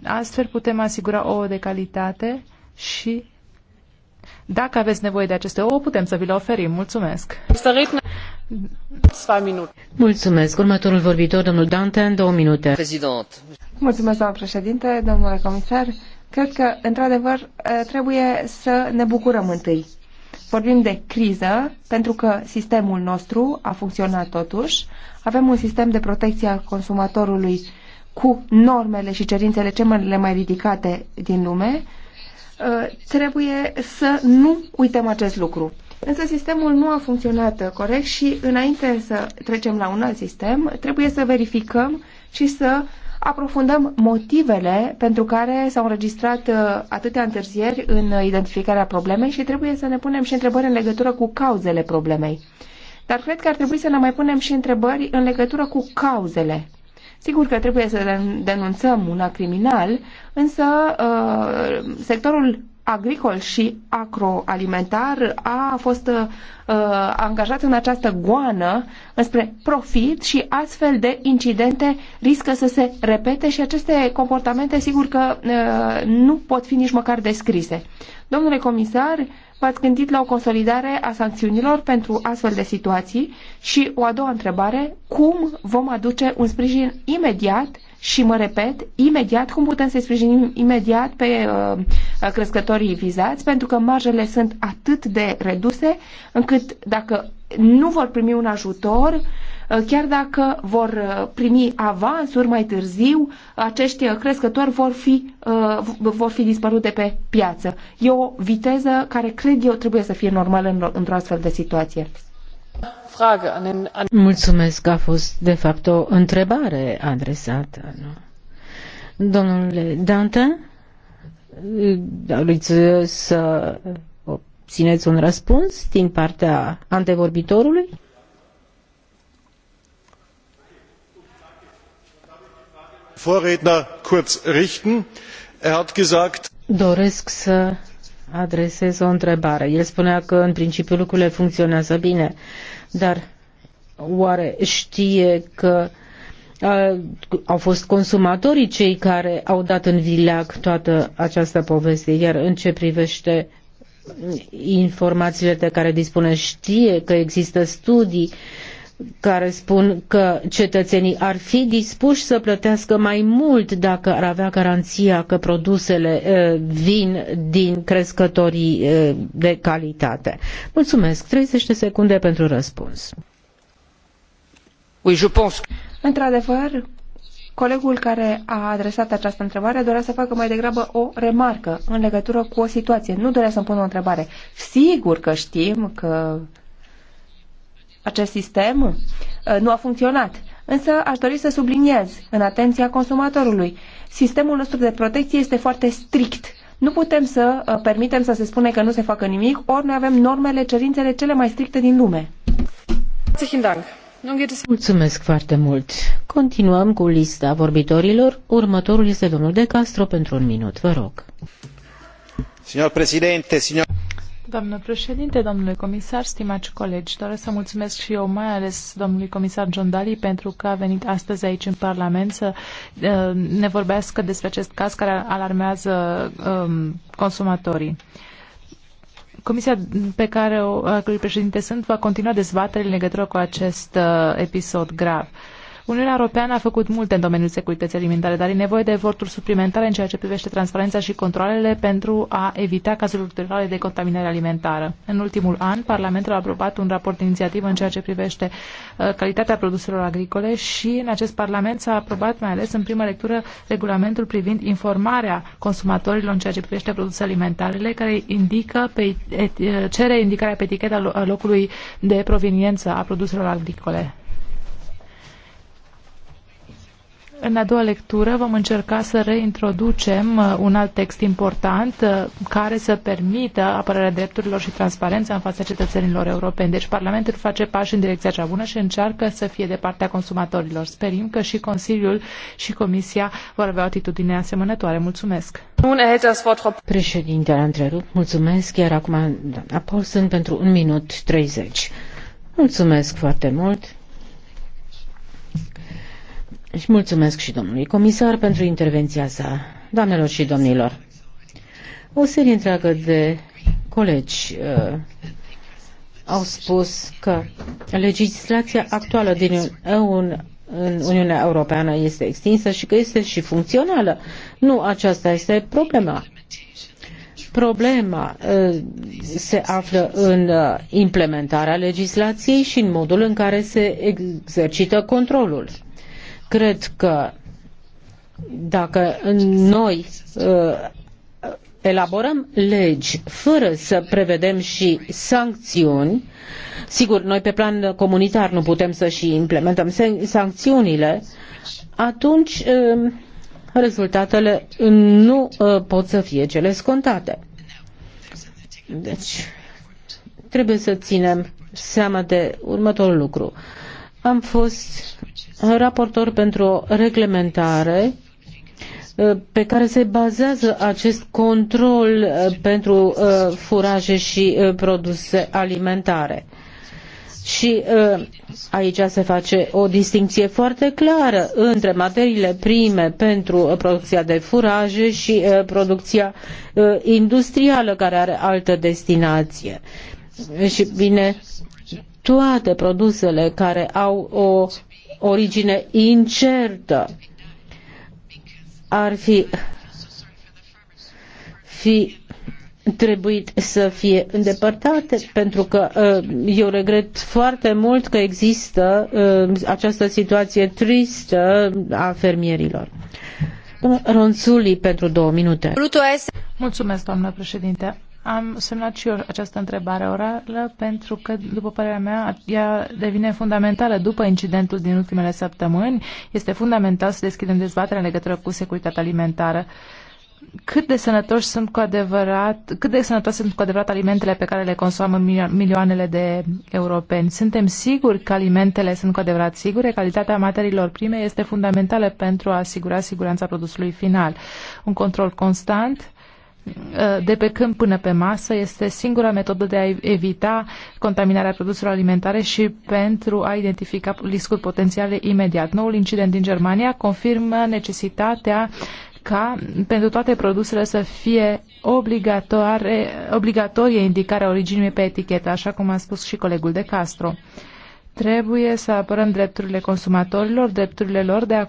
Astfel putem asigura ouă de calitate și dacă aveți nevoie de aceste ouă, putem să vi le oferim. Mulțumesc! Mulțumesc. Următorul vorbitor, domnul în două minute. Prezident. Mulțumesc, doamnă președinte, domnule comisar. Cred că, într-adevăr, ă, trebuie să ne bucurăm întâi. Vorbim de criză, pentru că sistemul nostru a funcționat totuși. Avem un sistem de protecție a consumatorului cu normele și cerințele cele mai ridicate din lume Uh, trebuie să nu uităm acest lucru. Însă sistemul nu a funcționat corect și înainte să trecem la un alt sistem, trebuie să verificăm și să aprofundăm motivele pentru care s-au înregistrat uh, atâtea întârzieri în identificarea problemei și trebuie să ne punem și întrebări în legătură cu cauzele problemei. Dar cred că ar trebui să ne mai punem și întrebări în legătură cu cauzele Sigur că trebuie să denunțăm una criminal, însă uh, sectorul agricol și agroalimentar a fost uh, angajat în această goană înspre profit și astfel de incidente riscă să se repete și aceste comportamente sigur că uh, nu pot fi nici măcar descrise. Domnule comisar, v-ați gândit la o consolidare a sancțiunilor pentru astfel de situații și o a doua întrebare, cum vom aduce un sprijin imediat și mă repet, imediat, cum putem să-i sprijinim imediat pe uh, crescătorii vizați, pentru că marjele sunt atât de reduse încât dacă nu vor primi un ajutor, uh, chiar dacă vor uh, primi avansuri mai târziu, acești uh, crescători vor fi, vor fi dispărut de pe piață. E o viteză care cred eu trebuie să fie normală într-o astfel de situație. Mulțumesc că a fost, de fapt, o întrebare adresată. Nu? Domnule Dante. doriți să obțineți un răspuns din partea antevorbitorului? Vorredner kurz richten. Er hat gesagt, Doresc să adresez o întrebare. El spunea că în principiu lucrurile funcționează bine, dar oare știe că au fost consumatorii cei care au dat în vileac toată această poveste, iar în ce privește informațiile de care dispune știe că există studii uh, care spun că cetățenii ar fi dispuși să plătească mai mult dacă ar avea garanția că produsele vin din crescătorii de calitate. Mulțumesc. 30 de secunde pentru răspuns. Oui, je pense. Într-adevăr, colegul care a adresat această întrebare dorea să facă mai degrabă o remarcă în legătură cu o situație. Nu dorea să-mi pună o întrebare. Sigur că știm că acest sistem uh, nu a funcționat. Însă aș dori să subliniez în atenția consumatorului. Sistemul nostru de protecție este foarte strict. Nu putem să uh, permitem să se spune că nu se facă nimic, ori noi avem normele, cerințele cele mai stricte din lume. Mulțumesc foarte mult. Continuăm cu lista vorbitorilor. Următorul este domnul De Castro pentru un minut. Vă rog. Signor Presidente, signor... Doamnă președinte, domnule comisar, stimați colegi, doresc să mulțumesc și eu, mai ales domnului comisar John Daly, pentru că a venit astăzi aici în Parlament să uh, ne vorbească despre acest caz care alarmează um, consumatorii. Comisia pe care o, președinte sunt va continua dezbaterile în legătură cu acest uh, episod grav. Uh, Uniunea Europeană a făcut multe în domeniul securității alimentare, dar e nevoie de eforturi suplimentare în ceea ce privește transparența și controlele pentru a evita cazuri ulterioare de contaminare alimentară. În ultimul an, Parlamentul a aprobat un raport de inițiativă în ceea ce privește uh, calitatea produselor agricole și în acest Parlament s-a aprobat mai ales în primă lectură regulamentul privind informarea consumatorilor în ceea ce privește produsele alimentarele, care indică pe, cere indicarea pe eticheta locului de proveniență a produselor agricole. În a doua lectură vom încerca să reintroducem uh, un alt text important uh, care să permită apărarea drepturilor și transparența în fața cetățenilor europeni. Deci Parlamentul face pași în direcția cea bună și încearcă să fie de partea consumatorilor. Sperim că și Consiliul și Comisia vor avea o atitudine asemănătoare. Mulțumesc! Președintele a întrerupt. Mulțumesc, iar acum apoi sunt pentru un minut 30. Mulțumesc foarte mult! Și mulțumesc și domnului comisar pentru intervenția sa. Doamnelor și domnilor, o serie întreagă de colegi uh, au spus că legislația actuală din EU în Uniunea Europeană este extinsă și că este și funcțională. Nu aceasta este problema. Problema uh, se află în uh, implementarea legislației și în modul în care se exercită controlul. Cred că dacă noi uh, elaborăm legi fără să prevedem și sancțiuni, sigur, noi pe plan comunitar nu putem să și implementăm sancțiunile, atunci uh, rezultatele nu uh, pot să fie cele scontate. Deci, trebuie să ținem seama de următorul lucru. Am fost raportor pentru o reglementare uh, pe care se bazează acest control uh, pentru uh, furaje și produse alimentare. Și aici se face o distinție foarte clară între materiile prime pentru producția de furaje și producția industrială care are altă destinație. Și bine, toate produsele care au o origine incertă ar fi, fi trebuit să fie îndepărtate, pentru că uh, eu regret foarte mult că există uh, această situație tristă a fermierilor. Ronsuli pentru două minute. Mulțumesc, doamnă președinte. Am semnat și eu această întrebare orală pentru că, după părerea mea, ea devine fundamentală după incidentul din ultimele săptămâni. Este fundamental să deschidem dezbaterea în legătură cu securitatea alimentară. Cât de sănătoși sunt cu adevărat, cât de sănătoși sunt cu adevărat alimentele pe care le consumă milioanele de europeni? Suntem siguri că alimentele sunt cu adevărat sigure? Calitatea materiilor prime este fundamentală pentru a asigura siguranța produsului final. Un control constant Eh, de pe câmp până pe masă este singura metodă de a evita contaminarea produselor alimentare și pentru a identifica riscuri potențiale imediat. Noul incident din Germania confirmă necesitatea ca pentru toate produsele să fie obligatorie indicarea originii pe etichetă, așa cum a spus și colegul de Castro. Trebuie să apărăm drepturile consumatorilor, drepturile lor de a,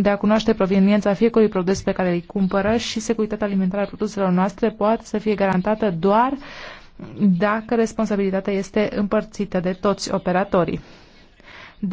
de a cunoaște proveniența fiecărui produs pe care îl cumpără și securitatea alimentară a produselor noastre poate să fie garantată doar dacă responsabilitatea este împărțită de toți operatorii.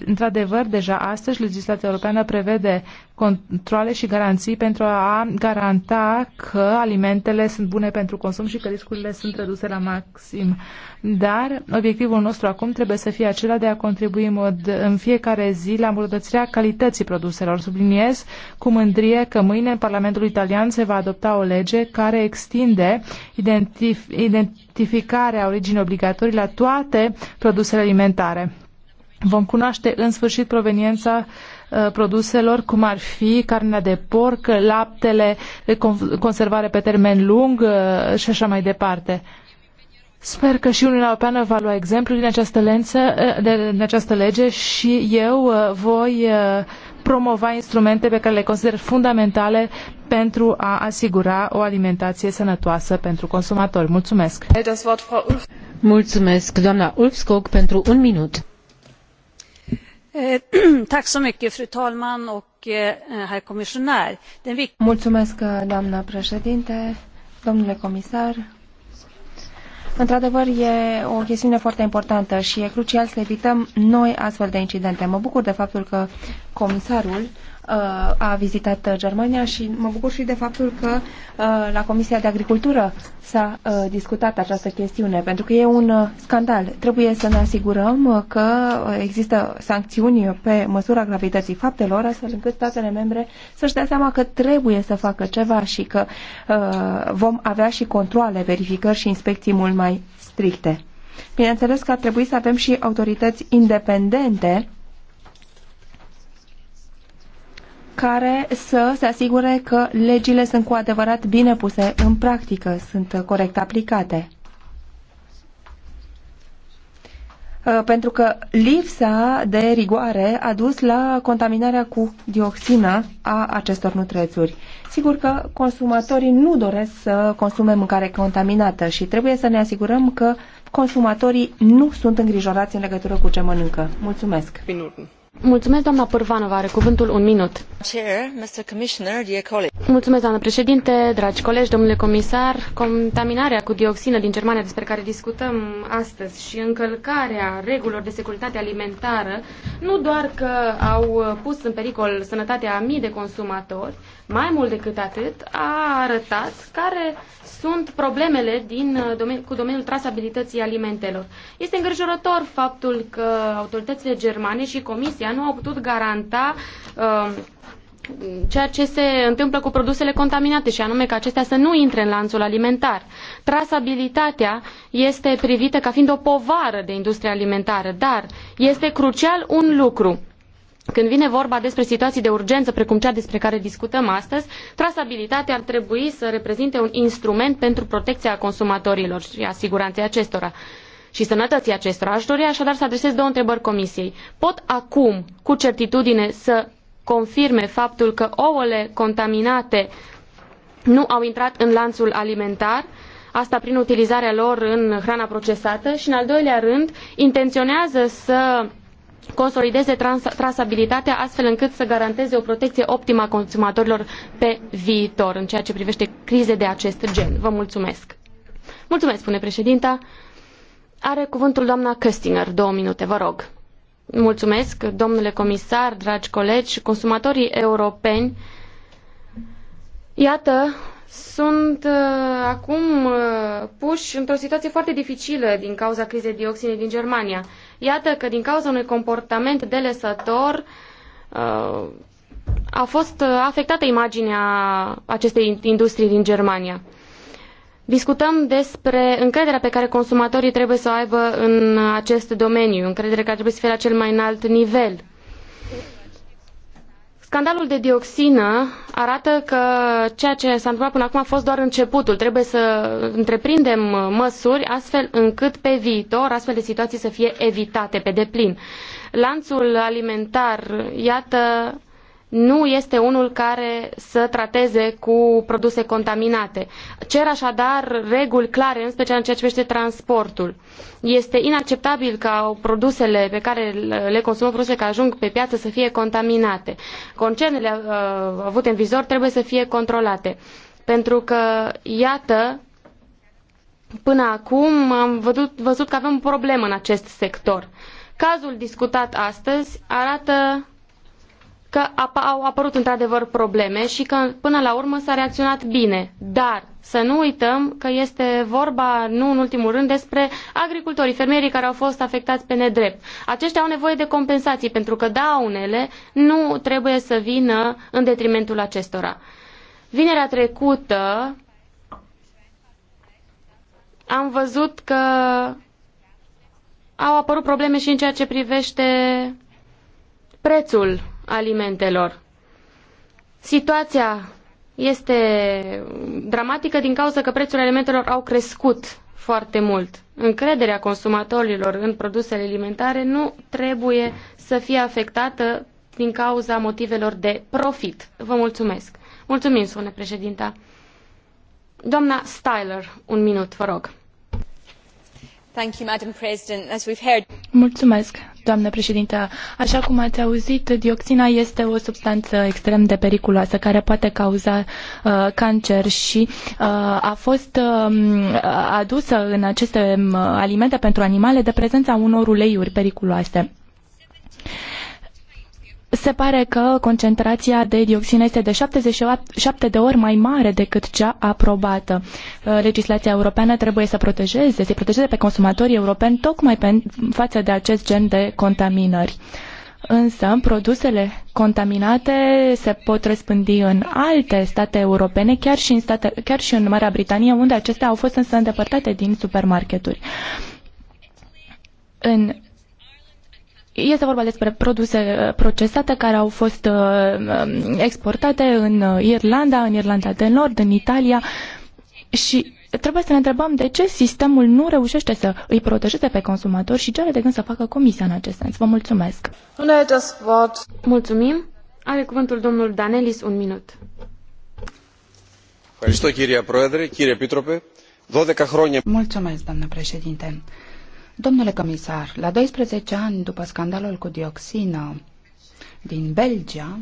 Într-adevăr, deja astăzi, legislația europeană prevede controle și garanții pentru a garanta că alimentele sunt bune pentru consum și că riscurile sunt reduse la maxim. Dar obiectivul nostru acum trebuie să fie acela de a contribui în, mod, în fiecare zi la îmbunătățirea calității produselor. Subliniez cu mândrie că mâine în Parlamentul Italian se va adopta o lege care extinde identif- identificarea originii obligatorii la toate produsele alimentare. Vom cunoaște în sfârșit proveniența uh, produselor, cum ar fi carnea de porc, laptele, conservare pe termen lung uh, și așa mai departe. Sper că și Uniunea Europeană va lua exemplu din această, lență, uh, din această lege și eu voi promova instrumente pe care le consider fundamentale pentru a asigura o alimentație sănătoasă pentru consumatori. Mulțumesc! Mulțumesc, doamna Ulfskog, pentru un minut. Mulțumesc, eh, doamnă președinte, domnule comisar. Într-adevăr, e o chestiune foarte importantă și e crucial să evităm noi astfel de incidente. Mă bucur de faptul că comisarul Uh, a vizitat Germania și mă bucur și de faptul că uh, la Comisia de Agricultură s-a uh, discutat această chestiune, pentru că e un scandal. Trebuie să ne asigurăm că există sancțiuni pe măsura gravității faptelor, astfel încât statele membre să-și dea seama că trebuie să facă ceva și că vom avea și controle, verificări și inspecții mult mai stricte. Bineînțeles că ar trebui să avem și autorități independente care să se asigure că legile sunt cu adevărat bine puse în practică, sunt uh, corect aplicate. Uh, pentru că lipsa de rigoare a dus la contaminarea cu dioxină a acestor nutrețuri. Sigur că consumatorii nu doresc să consume mâncare contaminată și trebuie să ne asigurăm că consumatorii nu sunt îngrijorați în legătură cu ce mănâncă. Mulțumesc! Mulțumesc, doamna Pârvanova, cuvântul un minut. Mulțumesc, doamnă președinte, dragi colegi, domnule comisar. Contaminarea cu dioxină din Germania despre care discutăm astăzi și încălcarea regulilor de securitate alimentară nu doar că au pus în pericol sănătatea a mii de consumatori, mai mult decât atât a arătat care sunt problemele din, uh, cu domeniul trasabilității alimentelor. Este îngrijorător faptul că autoritățile germane și Comisia nu au putut garanta uh, ceea ce se întâmplă cu produsele contaminate și anume că acestea să nu intre în lanțul alimentar. Trasabilitatea este privită ca fiind o povară de industria alimentară, dar este crucial un lucru când vine vorba despre situații de urgență, precum cea despre care discutăm astăzi, trasabilitatea ar trebui să reprezinte un instrument pentru protecția consumatorilor și a siguranței acestora și sănătății acestora. Aș dori așadar să adresez două întrebări comisiei. Pot acum, cu certitudine, să confirme faptul că ouăle contaminate nu au intrat în lanțul alimentar, asta prin utilizarea lor în hrana procesată și, în al doilea rând, intenționează să consolideze trasabilitatea astfel încât să garanteze o protecție optimă a consumatorilor pe viitor în ceea ce privește crize de acest gen. Vă mulțumesc. Mulțumesc, spune președinta. Are cuvântul doamna Köstinger. Două minute, vă rog. Mulțumesc, domnule comisar, dragi colegi, consumatorii europeni. Iată, sunt uh, acum uh, puși într-o situație foarte dificilă din cauza crizei dioxinei din Germania. Iată că din cauza unui comportament delesător uh, a fost afectată imaginea acestei industrii din Germania. Discutăm despre încrederea pe care consumatorii trebuie să o aibă în acest domeniu, încredere care trebuie să fie la cel mai înalt nivel. Scandalul de dioxină arată că ceea ce s-a întâmplat până acum a fost doar începutul. Trebuie să întreprindem măsuri astfel încât pe viitor astfel de situații să fie evitate pe deplin. Lanțul alimentar, iată, nu este unul care să trateze cu produse contaminate. Cer așadar reguli clare, în special în ceea ce privește transportul. Este inacceptabil ca produsele pe care le consumăm, produsele care ajung pe piață să fie contaminate. Concernele uh, avute în vizor trebuie să fie controlate. Pentru că, iată, până acum am văzut, văzut că avem o problemă în acest sector. Cazul discutat astăzi arată că au apărut într-adevăr probleme și că până la urmă s-a reacționat bine. Dar să nu uităm că este vorba, nu în ultimul rând, despre agricultorii, fermierii care au fost afectați pe nedrept. Aceștia au nevoie de compensații pentru că daunele nu trebuie să vină în detrimentul acestora. Vinerea trecută am văzut că au apărut probleme și în ceea ce privește prețul alimentelor. Situația este dramatică din cauza că prețurile alimentelor au crescut foarte mult. Încrederea consumatorilor în produsele alimentare nu trebuie să fie afectată din cauza motivelor de profit. Vă mulțumesc. Mulțumim, spune președinta. Doamna Styler, un minut, vă rog. Thank you, Madam President. As we've heard... Mulțumesc, doamnă președintă. Așa cum ați auzit, dioxina este o substanță extrem de periculoasă care poate cauza uh, cancer și uh, a fost uh, adusă în aceste um, alimente pentru animale de prezența unor uleiuri periculoase se pare că concentrația de dioxină este de 77 de ori mai mare decât cea aprobată. Uh, legislația europeană trebuie să protejeze, să protejeze pe consumatorii europeni tocmai pe, față de acest gen de contaminări. Însă, produsele contaminate se pot răspândi în alte state europene, chiar și în, state, chiar și în Marea Britanie, unde acestea au fost însă îndepărtate din supermarketuri. În este vorba despre produse uh, procesate care au fost uh, um, exportate în uh, Irlanda, în Irlanda de Nord, în Italia și trebuie să ne întrebăm de ce sistemul nu reușește să îi protejeze pe consumatori și ce are de gând să facă comisia în acest sens. Vă mulțumesc! Mulțumim! Are cuvântul domnul Danelis un minut. Mulțumesc, doamnă președinte. Domnule comisar, la 12 ani după scandalul cu dioxină din Belgia,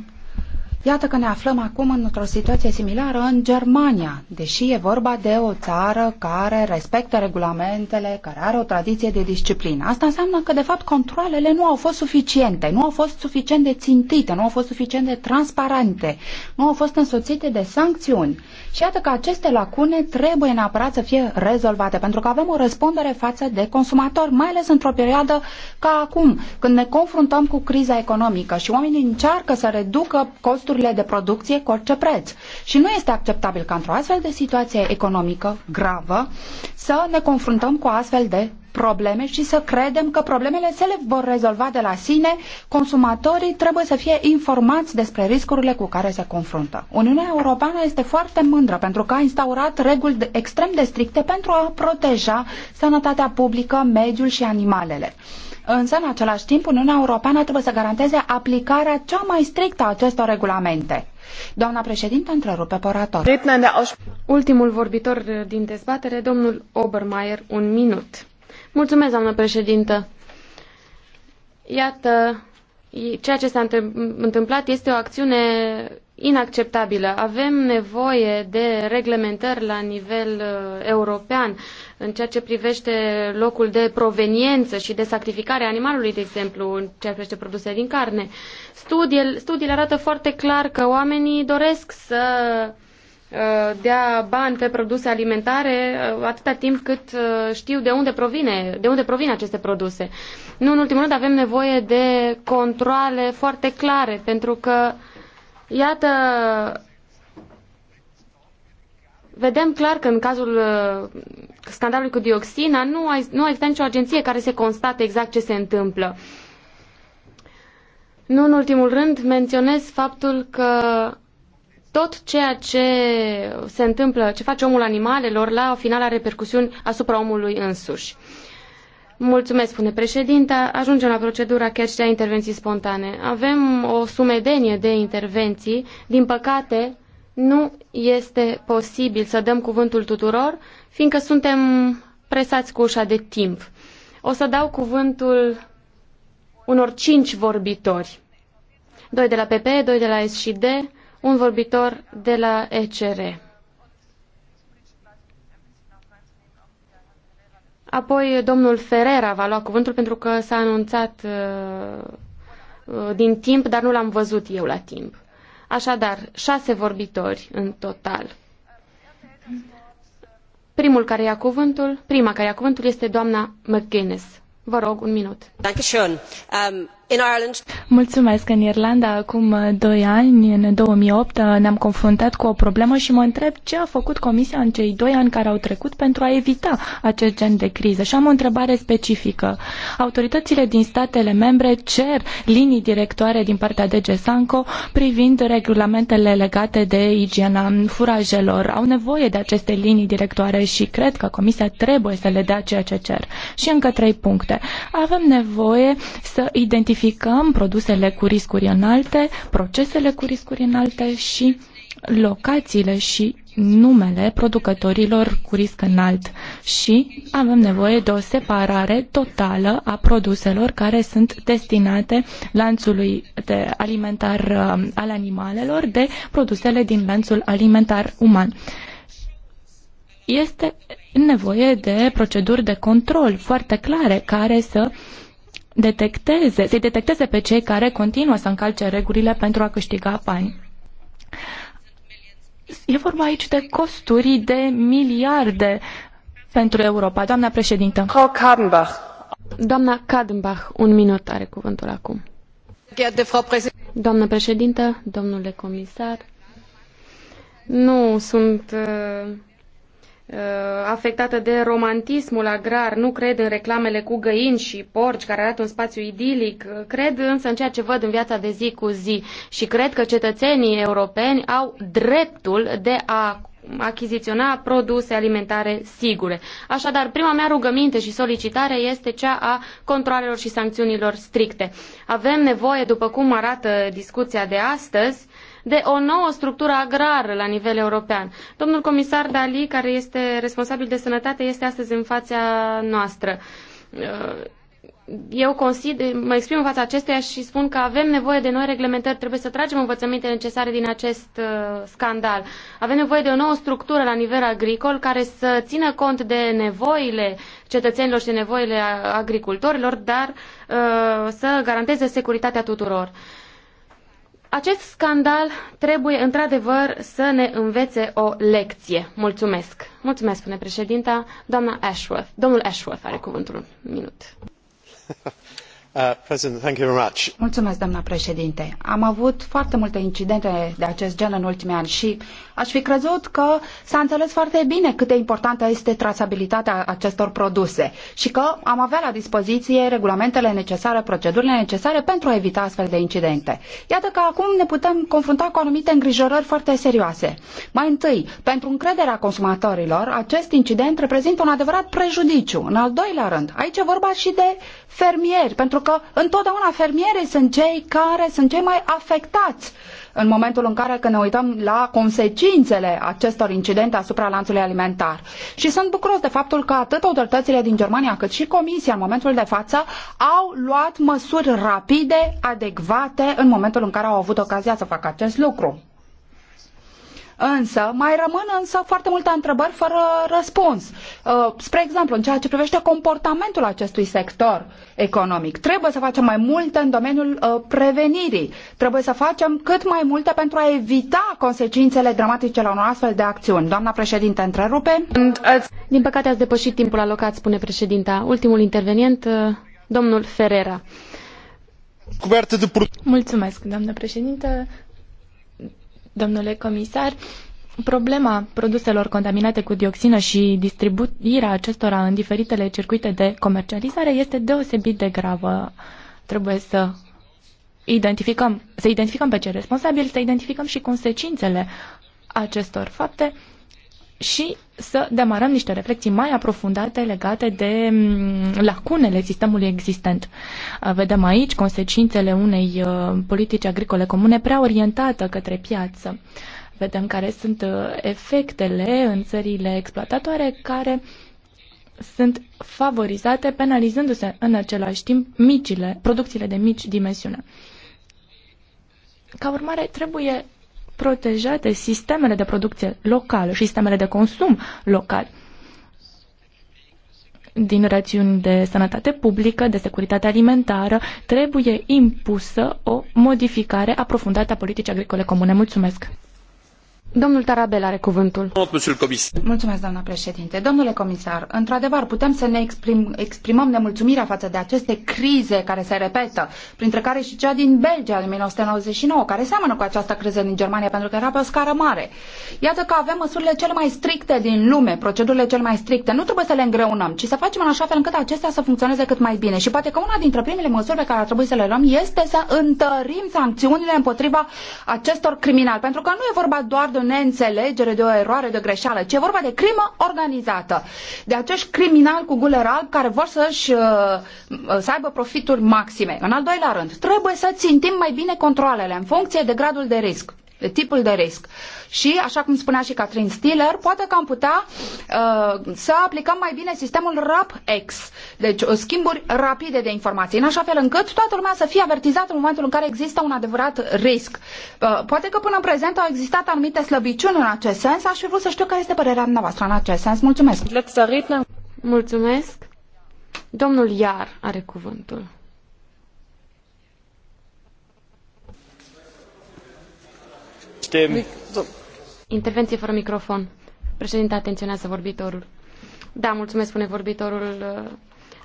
Iată că ne aflăm acum într-o situație similară în Germania, deși e vorba de o țară care respectă regulamentele, care are o tradiție de disciplină. Asta înseamnă că, de fapt, controlele nu au fost suficiente, nu au fost suficient de țintite, nu au fost suficient de transparente, nu au fost însoțite de sancțiuni. Și iată că aceste lacune trebuie neapărat să fie rezolvate, pentru că avem o răspundere față de consumatori, mai ales într-o perioadă ca acum, când ne confruntăm cu criza economică și oamenii încearcă să reducă costul costurile de producție cu orice preț. Și nu este acceptabil ca într-o astfel de situație economică gravă să ne confruntăm cu astfel de probleme și să credem că problemele se le vor rezolva de la sine, consumatorii trebuie să fie informați despre riscurile cu care se confruntă. Uniunea Europeană este foarte mândră pentru că a instaurat reguli extrem de stricte pentru a proteja sănătatea publică, mediul și animalele. Însă, în același timp, Uniunea Europeană trebuie să garanteze aplicarea cea mai strictă a acestor regulamente. Doamna președintă, întrerupe porator. Ultimul vorbitor din dezbatere, domnul Obermeier, un minut. Mulțumesc, doamnă președintă. Iată, ceea ce s-a întâmplat este o acțiune inacceptabilă. Avem nevoie de reglementări la nivel uh, european în ceea ce privește locul de proveniență și de sacrificare a animalului, de exemplu, în ceea ce privește produse din carne. Studiile, studiile arată foarte clar că oamenii doresc să uh, dea bani pe produse alimentare uh, atâta timp cât știu de unde provine, de unde provin aceste produse. Nu în ultimul rând avem nevoie de controle foarte clare pentru că uh, Iată, vedem clar că în cazul uh, scandalului cu dioxina nu a, nu a existat nicio agenție care se constate exact ce se întâmplă. Nu în ultimul rând menționez faptul că tot ceea ce se întâmplă, ce face omul animalelor, la final are repercusiuni asupra omului însuși. Mulțumesc, Ajungem la procedura catch de intervenții spontane. Avem o sumedenie de intervenții. Din păcate, nu este posibil să dăm cuvântul tuturor, fiindcă suntem presați cu ușa de timp. O să dau cuvântul unor cinci vorbitori. Doi de la PP, doi de la SD, un vorbitor de la ECR. Apoi domnul Ferrera va lua cuvântul pentru că s-a anunțat uh, uh, din timp, dar nu l-am văzut eu la timp. Așadar, șase vorbitori în total. Primul care ia cuvântul, prima care ia cuvântul este doamna McGuinness. Vă rog, un minut. Dankeschön. Um, In Ireland. Mulțumesc. În Irlanda, acum uh, doi ani, în 2008, uh, ne-am confruntat cu o problemă și mă întreb ce a făcut Comisia în cei doi ani care au trecut pentru a evita acest gen de criză. Și am o întrebare specifică. Autoritățile din statele membre cer linii directoare din partea DG Sanco privind regulamentele legate de igiena furajelor. Au nevoie de aceste linii directoare și cred că Comisia trebuie să le dea ceea ce cer. Și încă trei puncte. Avem nevoie să identificăm identificăm produsele cu riscuri înalte, procesele cu riscuri înalte și locațiile și numele producătorilor cu risc înalt și avem nevoie de o separare totală a produselor care sunt destinate lanțului de alimentar uh, al animalelor de produsele din lanțul alimentar uman. Este nevoie de proceduri de control foarte clare care să uh, detecteze, să detecteze pe cei care continuă să încalce regulile pentru a câștiga bani. E vorba aici de costuri de miliarde pentru Europa. Doamna președintă. Frau Kadenbach. Doamna Kadenbach, un minut are cuvântul acum. Doamna președintă, domnule comisar, nu sunt uh, Uh, afectată de romantismul agrar, nu cred în reclamele cu găini și porci care arată un spațiu idilic, cred însă în ceea ce văd în viața de zi cu zi și cred că cetățenii europeni au dreptul de a achiziționa produse alimentare sigure. Așadar, prima mea rugăminte și solicitare este cea a controalelor și sancțiunilor stricte. Avem nevoie, după cum arată discuția de astăzi, de o nouă structură agrară la nivel european. Domnul comisar Dali, care este responsabil de sănătate, este astăzi în fața noastră eu consider, mă exprim în fața acesteia și spun că avem nevoie de noi reglementări, trebuie să tragem învățăminte necesare din acest uh, scandal. Avem nevoie de o nouă structură la nivel agricol care să țină cont de nevoile cetățenilor și de nevoile agricultorilor, dar uh, să garanteze securitatea tuturor. Uh, acest scandal trebuie într-adevăr să ne învețe o lecție. Mulțumesc. Mulțumesc, spune președinta. Doamna Ashworth. Domnul Ashworth are cuvântul. Un minut. Uh, președinte. am avut foarte multe incidente de acest gen în ultimii ani și aș fi crezut că s-a înțeles foarte bine cât de importantă este trasabilitatea acestor produse și că am avea la dispoziție regulamentele necesare, procedurile necesare pentru a evita astfel de incidente. Iată că acum ne putem confrunta cu anumite îngrijorări foarte serioase. Mai întâi, pentru încrederea consumatorilor, acest incident reprezintă un adevărat prejudiciu. În al doilea rând, aici e vorba și de fermieri, pentru că întotdeauna fermierii sunt cei care sunt cei mai afectați în momentul în care când ne uităm la consecințele acestor incidente asupra lanțului alimentar. Și sunt bucuros de faptul că atât autoritățile din Germania cât și Comisia în momentul de față au luat măsuri rapide, adecvate în momentul în care au avut ocazia să facă acest lucru. Însă, mai rămân însă foarte multe întrebări fără răspuns. Uh, spre exemplu, în ceea ce privește comportamentul acestui sector economic, trebuie să facem mai multe în domeniul uh, prevenirii. Trebuie să facem cât mai multe pentru a evita consecințele dramatice la unor astfel de acțiuni. Doamna președinte, întrerupe. Din păcate ați depășit timpul alocat, spune președinta. Ultimul intervenient, uh, domnul Ferrera. Mulțumesc, doamnă președinte. Domnule comisar, problema produselor contaminate cu dioxină și distribuirea acestora în diferitele circuite de comercializare este deosebit de gravă. Trebuie să identificăm, să identificăm pe cei responsabili, să identificăm și consecințele acestor fapte și să demarăm niște reflexii mai aprofundate legate de mm, lacunele sistemului existent. Uh, vedem aici consecințele unei uh, politici agricole comune prea orientată către piață. Vedem care sunt uh, efectele în țările exploatatoare care sunt favorizate, penalizându-se în același timp micile, producțiile de mici dimensiune. Ca urmare, trebuie protejate sistemele de producție locală și sistemele de consum local din rațiuni de sănătate publică, de securitate alimentară, trebuie impusă o modificare aprofundată a politicii agricole comune. Mulțumesc! Domnul Tarabel are cuvântul. Mulțumesc, doamna președinte. Domnule comisar, într-adevăr, putem să ne exprim, exprimăm nemulțumirea față de aceste crize care se repetă, printre care și cea din Belgia din 1999, care seamănă cu această criză din Germania, pentru că era pe o scară mare. Iată că avem măsurile cele mai stricte din lume, procedurile cele mai stricte. Nu trebuie să le îngreunăm, ci să facem în așa fel încât acestea să funcționeze cât mai bine. Și poate că una dintre primele măsuri pe care ar trebui să le luăm este să întărim sancțiunile împotriva acestor criminali, pentru că nu e vorba doar de o neînțelegere, de o eroare, de o greșeală, ci e vorba de crimă organizată. De acești criminali cu guler alb care vor să-și uh, uh, să aibă profituri maxime. În al doilea rând, trebuie să țintim mai bine controlele în funcție de gradul de risc tipul de risc. Și, așa cum spunea și Catherine Stiller, poate că am putea uh, să aplicăm mai bine sistemul RAP-X, deci uh, schimburi rapide de informații, în așa fel încât toată lumea să fie avertizată în momentul în care există un adevărat risc. Uh, poate că până în prezent au existat anumite slăbiciuni în acest sens, aș fi vrut să știu care este părerea dumneavoastră în acest sens. Mulțumesc! Mulțumesc! Domnul Iar are cuvântul. Intervenție fără microfon. Președinte, atenționează vorbitorul. Da, mulțumesc, spune vorbitorul.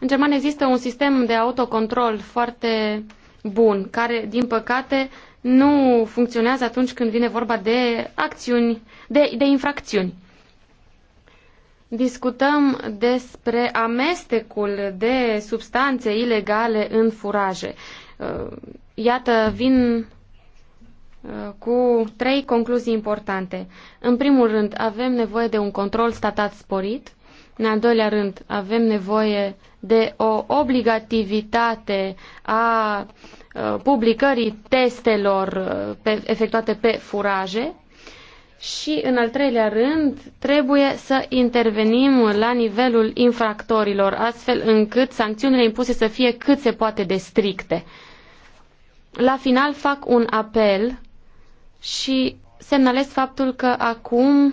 În Germania există un sistem de autocontrol foarte bun, care, din păcate, nu funcționează atunci când vine vorba de acțiuni, de, de infracțiuni. Discutăm despre amestecul de substanțe ilegale în furaje. Iată, vin cu trei concluzii importante. În primul rând, avem nevoie de un control statat sporit. În al doilea rând, avem nevoie de o obligativitate a publicării testelor pe, efectuate pe furaje și, în al treilea rând, trebuie să intervenim la nivelul infractorilor, astfel încât sancțiunile impuse să fie cât se poate de stricte. La final fac un apel și semnalez faptul că acum, uh,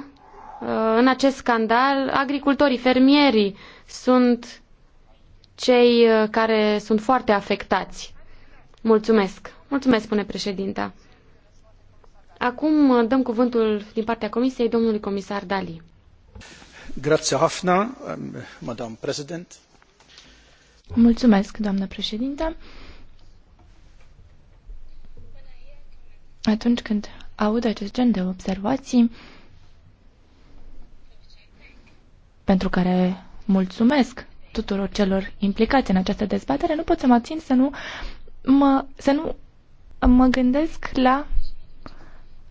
în acest scandal, agricultorii, fermierii sunt cei uh, care sunt foarte afectați. Mulțumesc. Mulțumesc, spune președinta. Acum uh, dăm cuvântul din partea Comisiei domnului comisar Dali. Grazie, Hafna, um, madame president. Mulțumesc, doamnă președinte. Atunci când aud acest gen de observații pentru care mulțumesc tuturor celor implicați în această dezbatere, nu pot să mă țin să nu mă, să nu mă gândesc la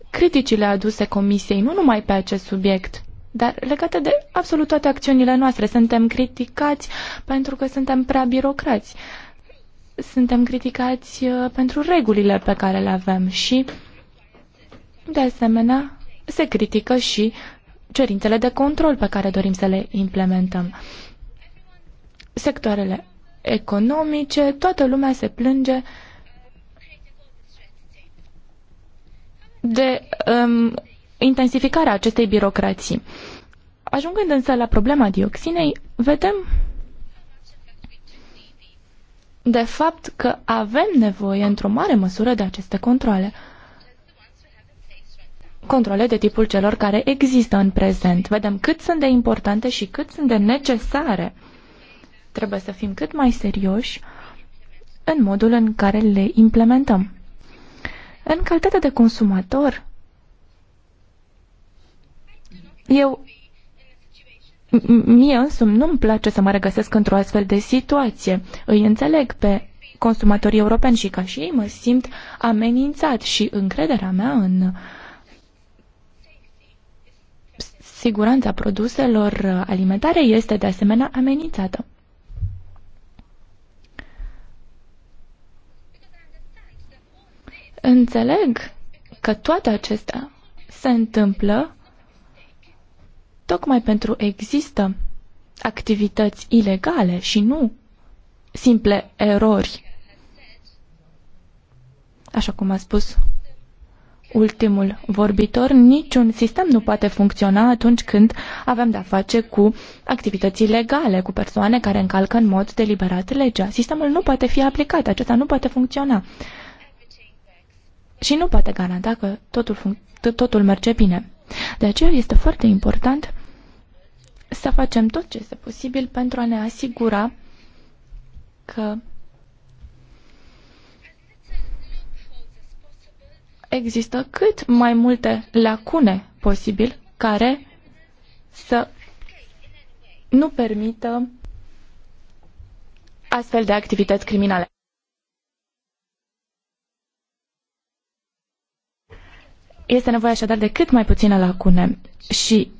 criticile aduse Comisiei, nu numai pe acest subiect, dar legate de absolut toate acțiunile noastre. Suntem criticați pentru că suntem prea birocrați. Suntem criticați uh, pentru regulile pe care le avem și uh, de asemenea, se critică și cerințele de control pe care dorim să le implementăm. Sectoarele economice, toată lumea se plânge de um, intensificarea acestei birocrații. Ajungând însă la problema dioxinei, vedem de fapt că avem nevoie într-o mare măsură de aceste controle controle de tipul celor care există în prezent. Vedem cât sunt de importante și cât sunt de necesare. Trebuie să fim cât mai serioși în modul în care le implementăm. În calitate de consumator, eu mie însumi nu-mi place să mă regăsesc într-o astfel de situație. Îi înțeleg pe consumatorii europeni și ca și ei mă simt amenințat și încrederea mea în uh, Siguranța produselor alimentare este de asemenea amenințată. Înțeleg că toate acestea se întâmplă tocmai pentru există activități ilegale și nu simple erori, așa cum a spus ultimul vorbitor, niciun sistem nu poate funcționa atunci când avem de-a face cu activități ilegale, cu persoane care încalcă în mod deliberat legea. Sistemul nu poate fi aplicat, acesta nu poate funcționa. Și nu poate garanta că totul, totul merge bine. De aceea este foarte important să facem tot ce este posibil pentru a ne asigura că există cât mai multe lacune posibil care să nu permită astfel de activități criminale. Este nevoie așadar de cât mai puține lacune și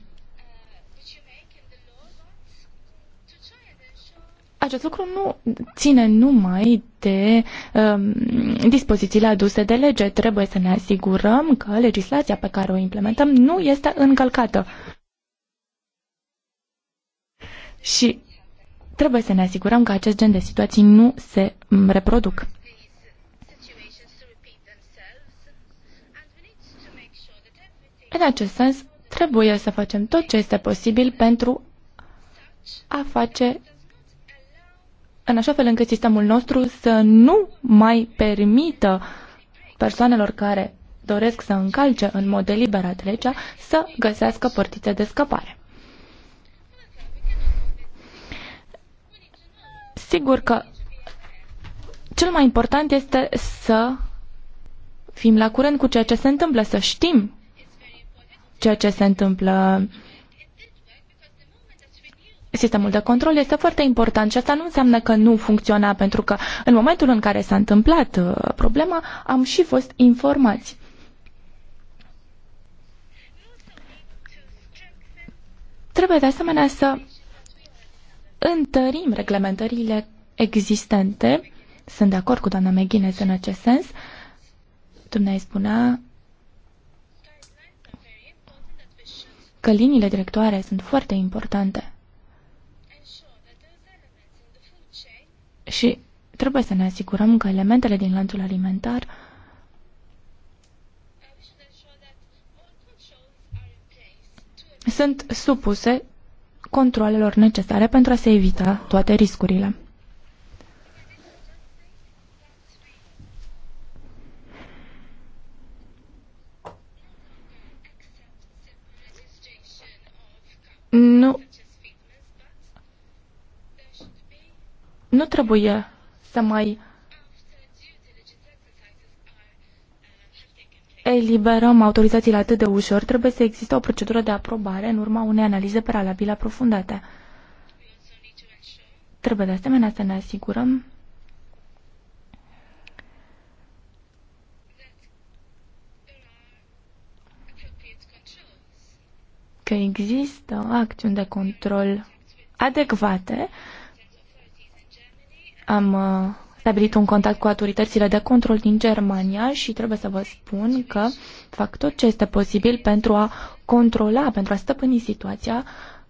acest lucru nu ține numai de um, dispozițiile aduse de lege. Trebuie să ne asigurăm că legislația pe care o implementăm nu este încălcată. Și trebuie să ne asigurăm că acest gen de situații nu se um, reproduc. În acest sens, trebuie să facem tot ce este posibil pentru a face în așa fel încât sistemul nostru să nu mai permită persoanelor care doresc să încalce în mod deliberat legea să găsească portițe de scăpare. Sigur că cel mai important este să fim la curent cu ceea ce se întâmplă, să știm ceea ce se întâmplă sistemul de control este foarte important și asta nu înseamnă că nu funcționa, pentru că în momentul în care s-a întâmplat uh, problema, am și fost informați. Trebuie de asemenea să întărim reglementările existente. Sunt de acord cu doamna McGuinness în acest sens. Dumnezeu spunea că liniile directoare sunt foarte importante. Și trebuie să ne asigurăm că elementele din lanțul alimentar sunt supuse controlelor necesare pentru a se evita toate riscurile. Nu nu trebuie să mai eliberăm autorizațiile atât de ușor, trebuie să existe o procedură de aprobare în urma unei analize prealabile aprofundate. Trebuie de asemenea să ne asigurăm că există acțiuni de control adecvate am uh, stabilit un contact cu autoritățile de control din Germania și trebuie să vă spun că fac tot ce este posibil pentru a controla, pentru a stăpâni situația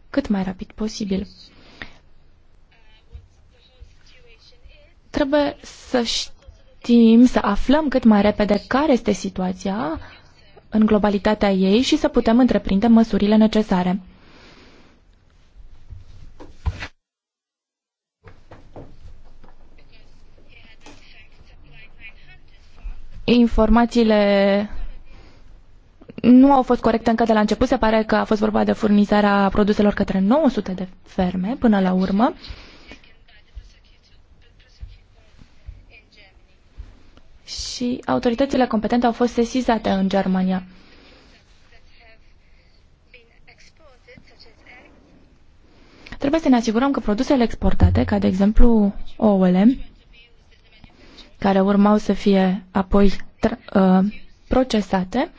cât mai rapid posibil. Trebuie să știm, să aflăm cât mai repede care este situația în globalitatea ei și să putem întreprinde măsurile necesare. informațiile nu au fost corecte încă de la început. Se pare că a fost vorba de furnizarea produselor către 900 de ferme până la urmă. Și autoritățile competente au fost sesizate în Germania. Trebuie să ne asigurăm că produsele exportate, ca de exemplu ouăle, care urmau să fie apoi uh, procesate,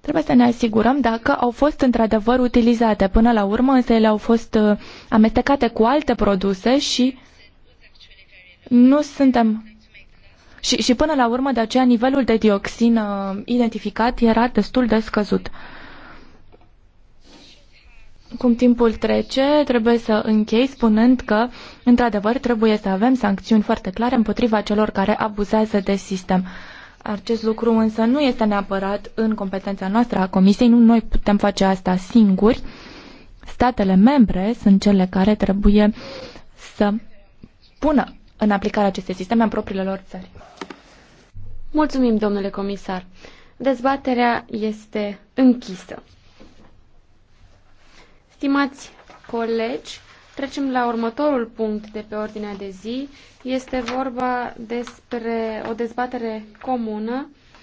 trebuie să ne asigurăm dacă au fost într-adevăr utilizate. Până la urmă, însă, ele au fost uh, amestecate cu alte produse și nu suntem. Și, și până la urmă, de aceea, nivelul de dioxină uh, identificat era destul de scăzut cum timpul trece, trebuie să închei spunând că, într-adevăr, trebuie să avem sancțiuni foarte clare împotriva celor care abuzează de sistem. Acest lucru însă nu este neapărat în competența noastră a Comisiei, nu noi putem face asta singuri. Statele membre sunt cele care trebuie să pună în aplicare aceste sisteme în propriile lor țări. Mulțumim, domnule comisar. Dezbaterea este închisă. Stimați colegi, trecem la următorul punct de pe ordinea de zi. Este vorba despre o dezbatere comună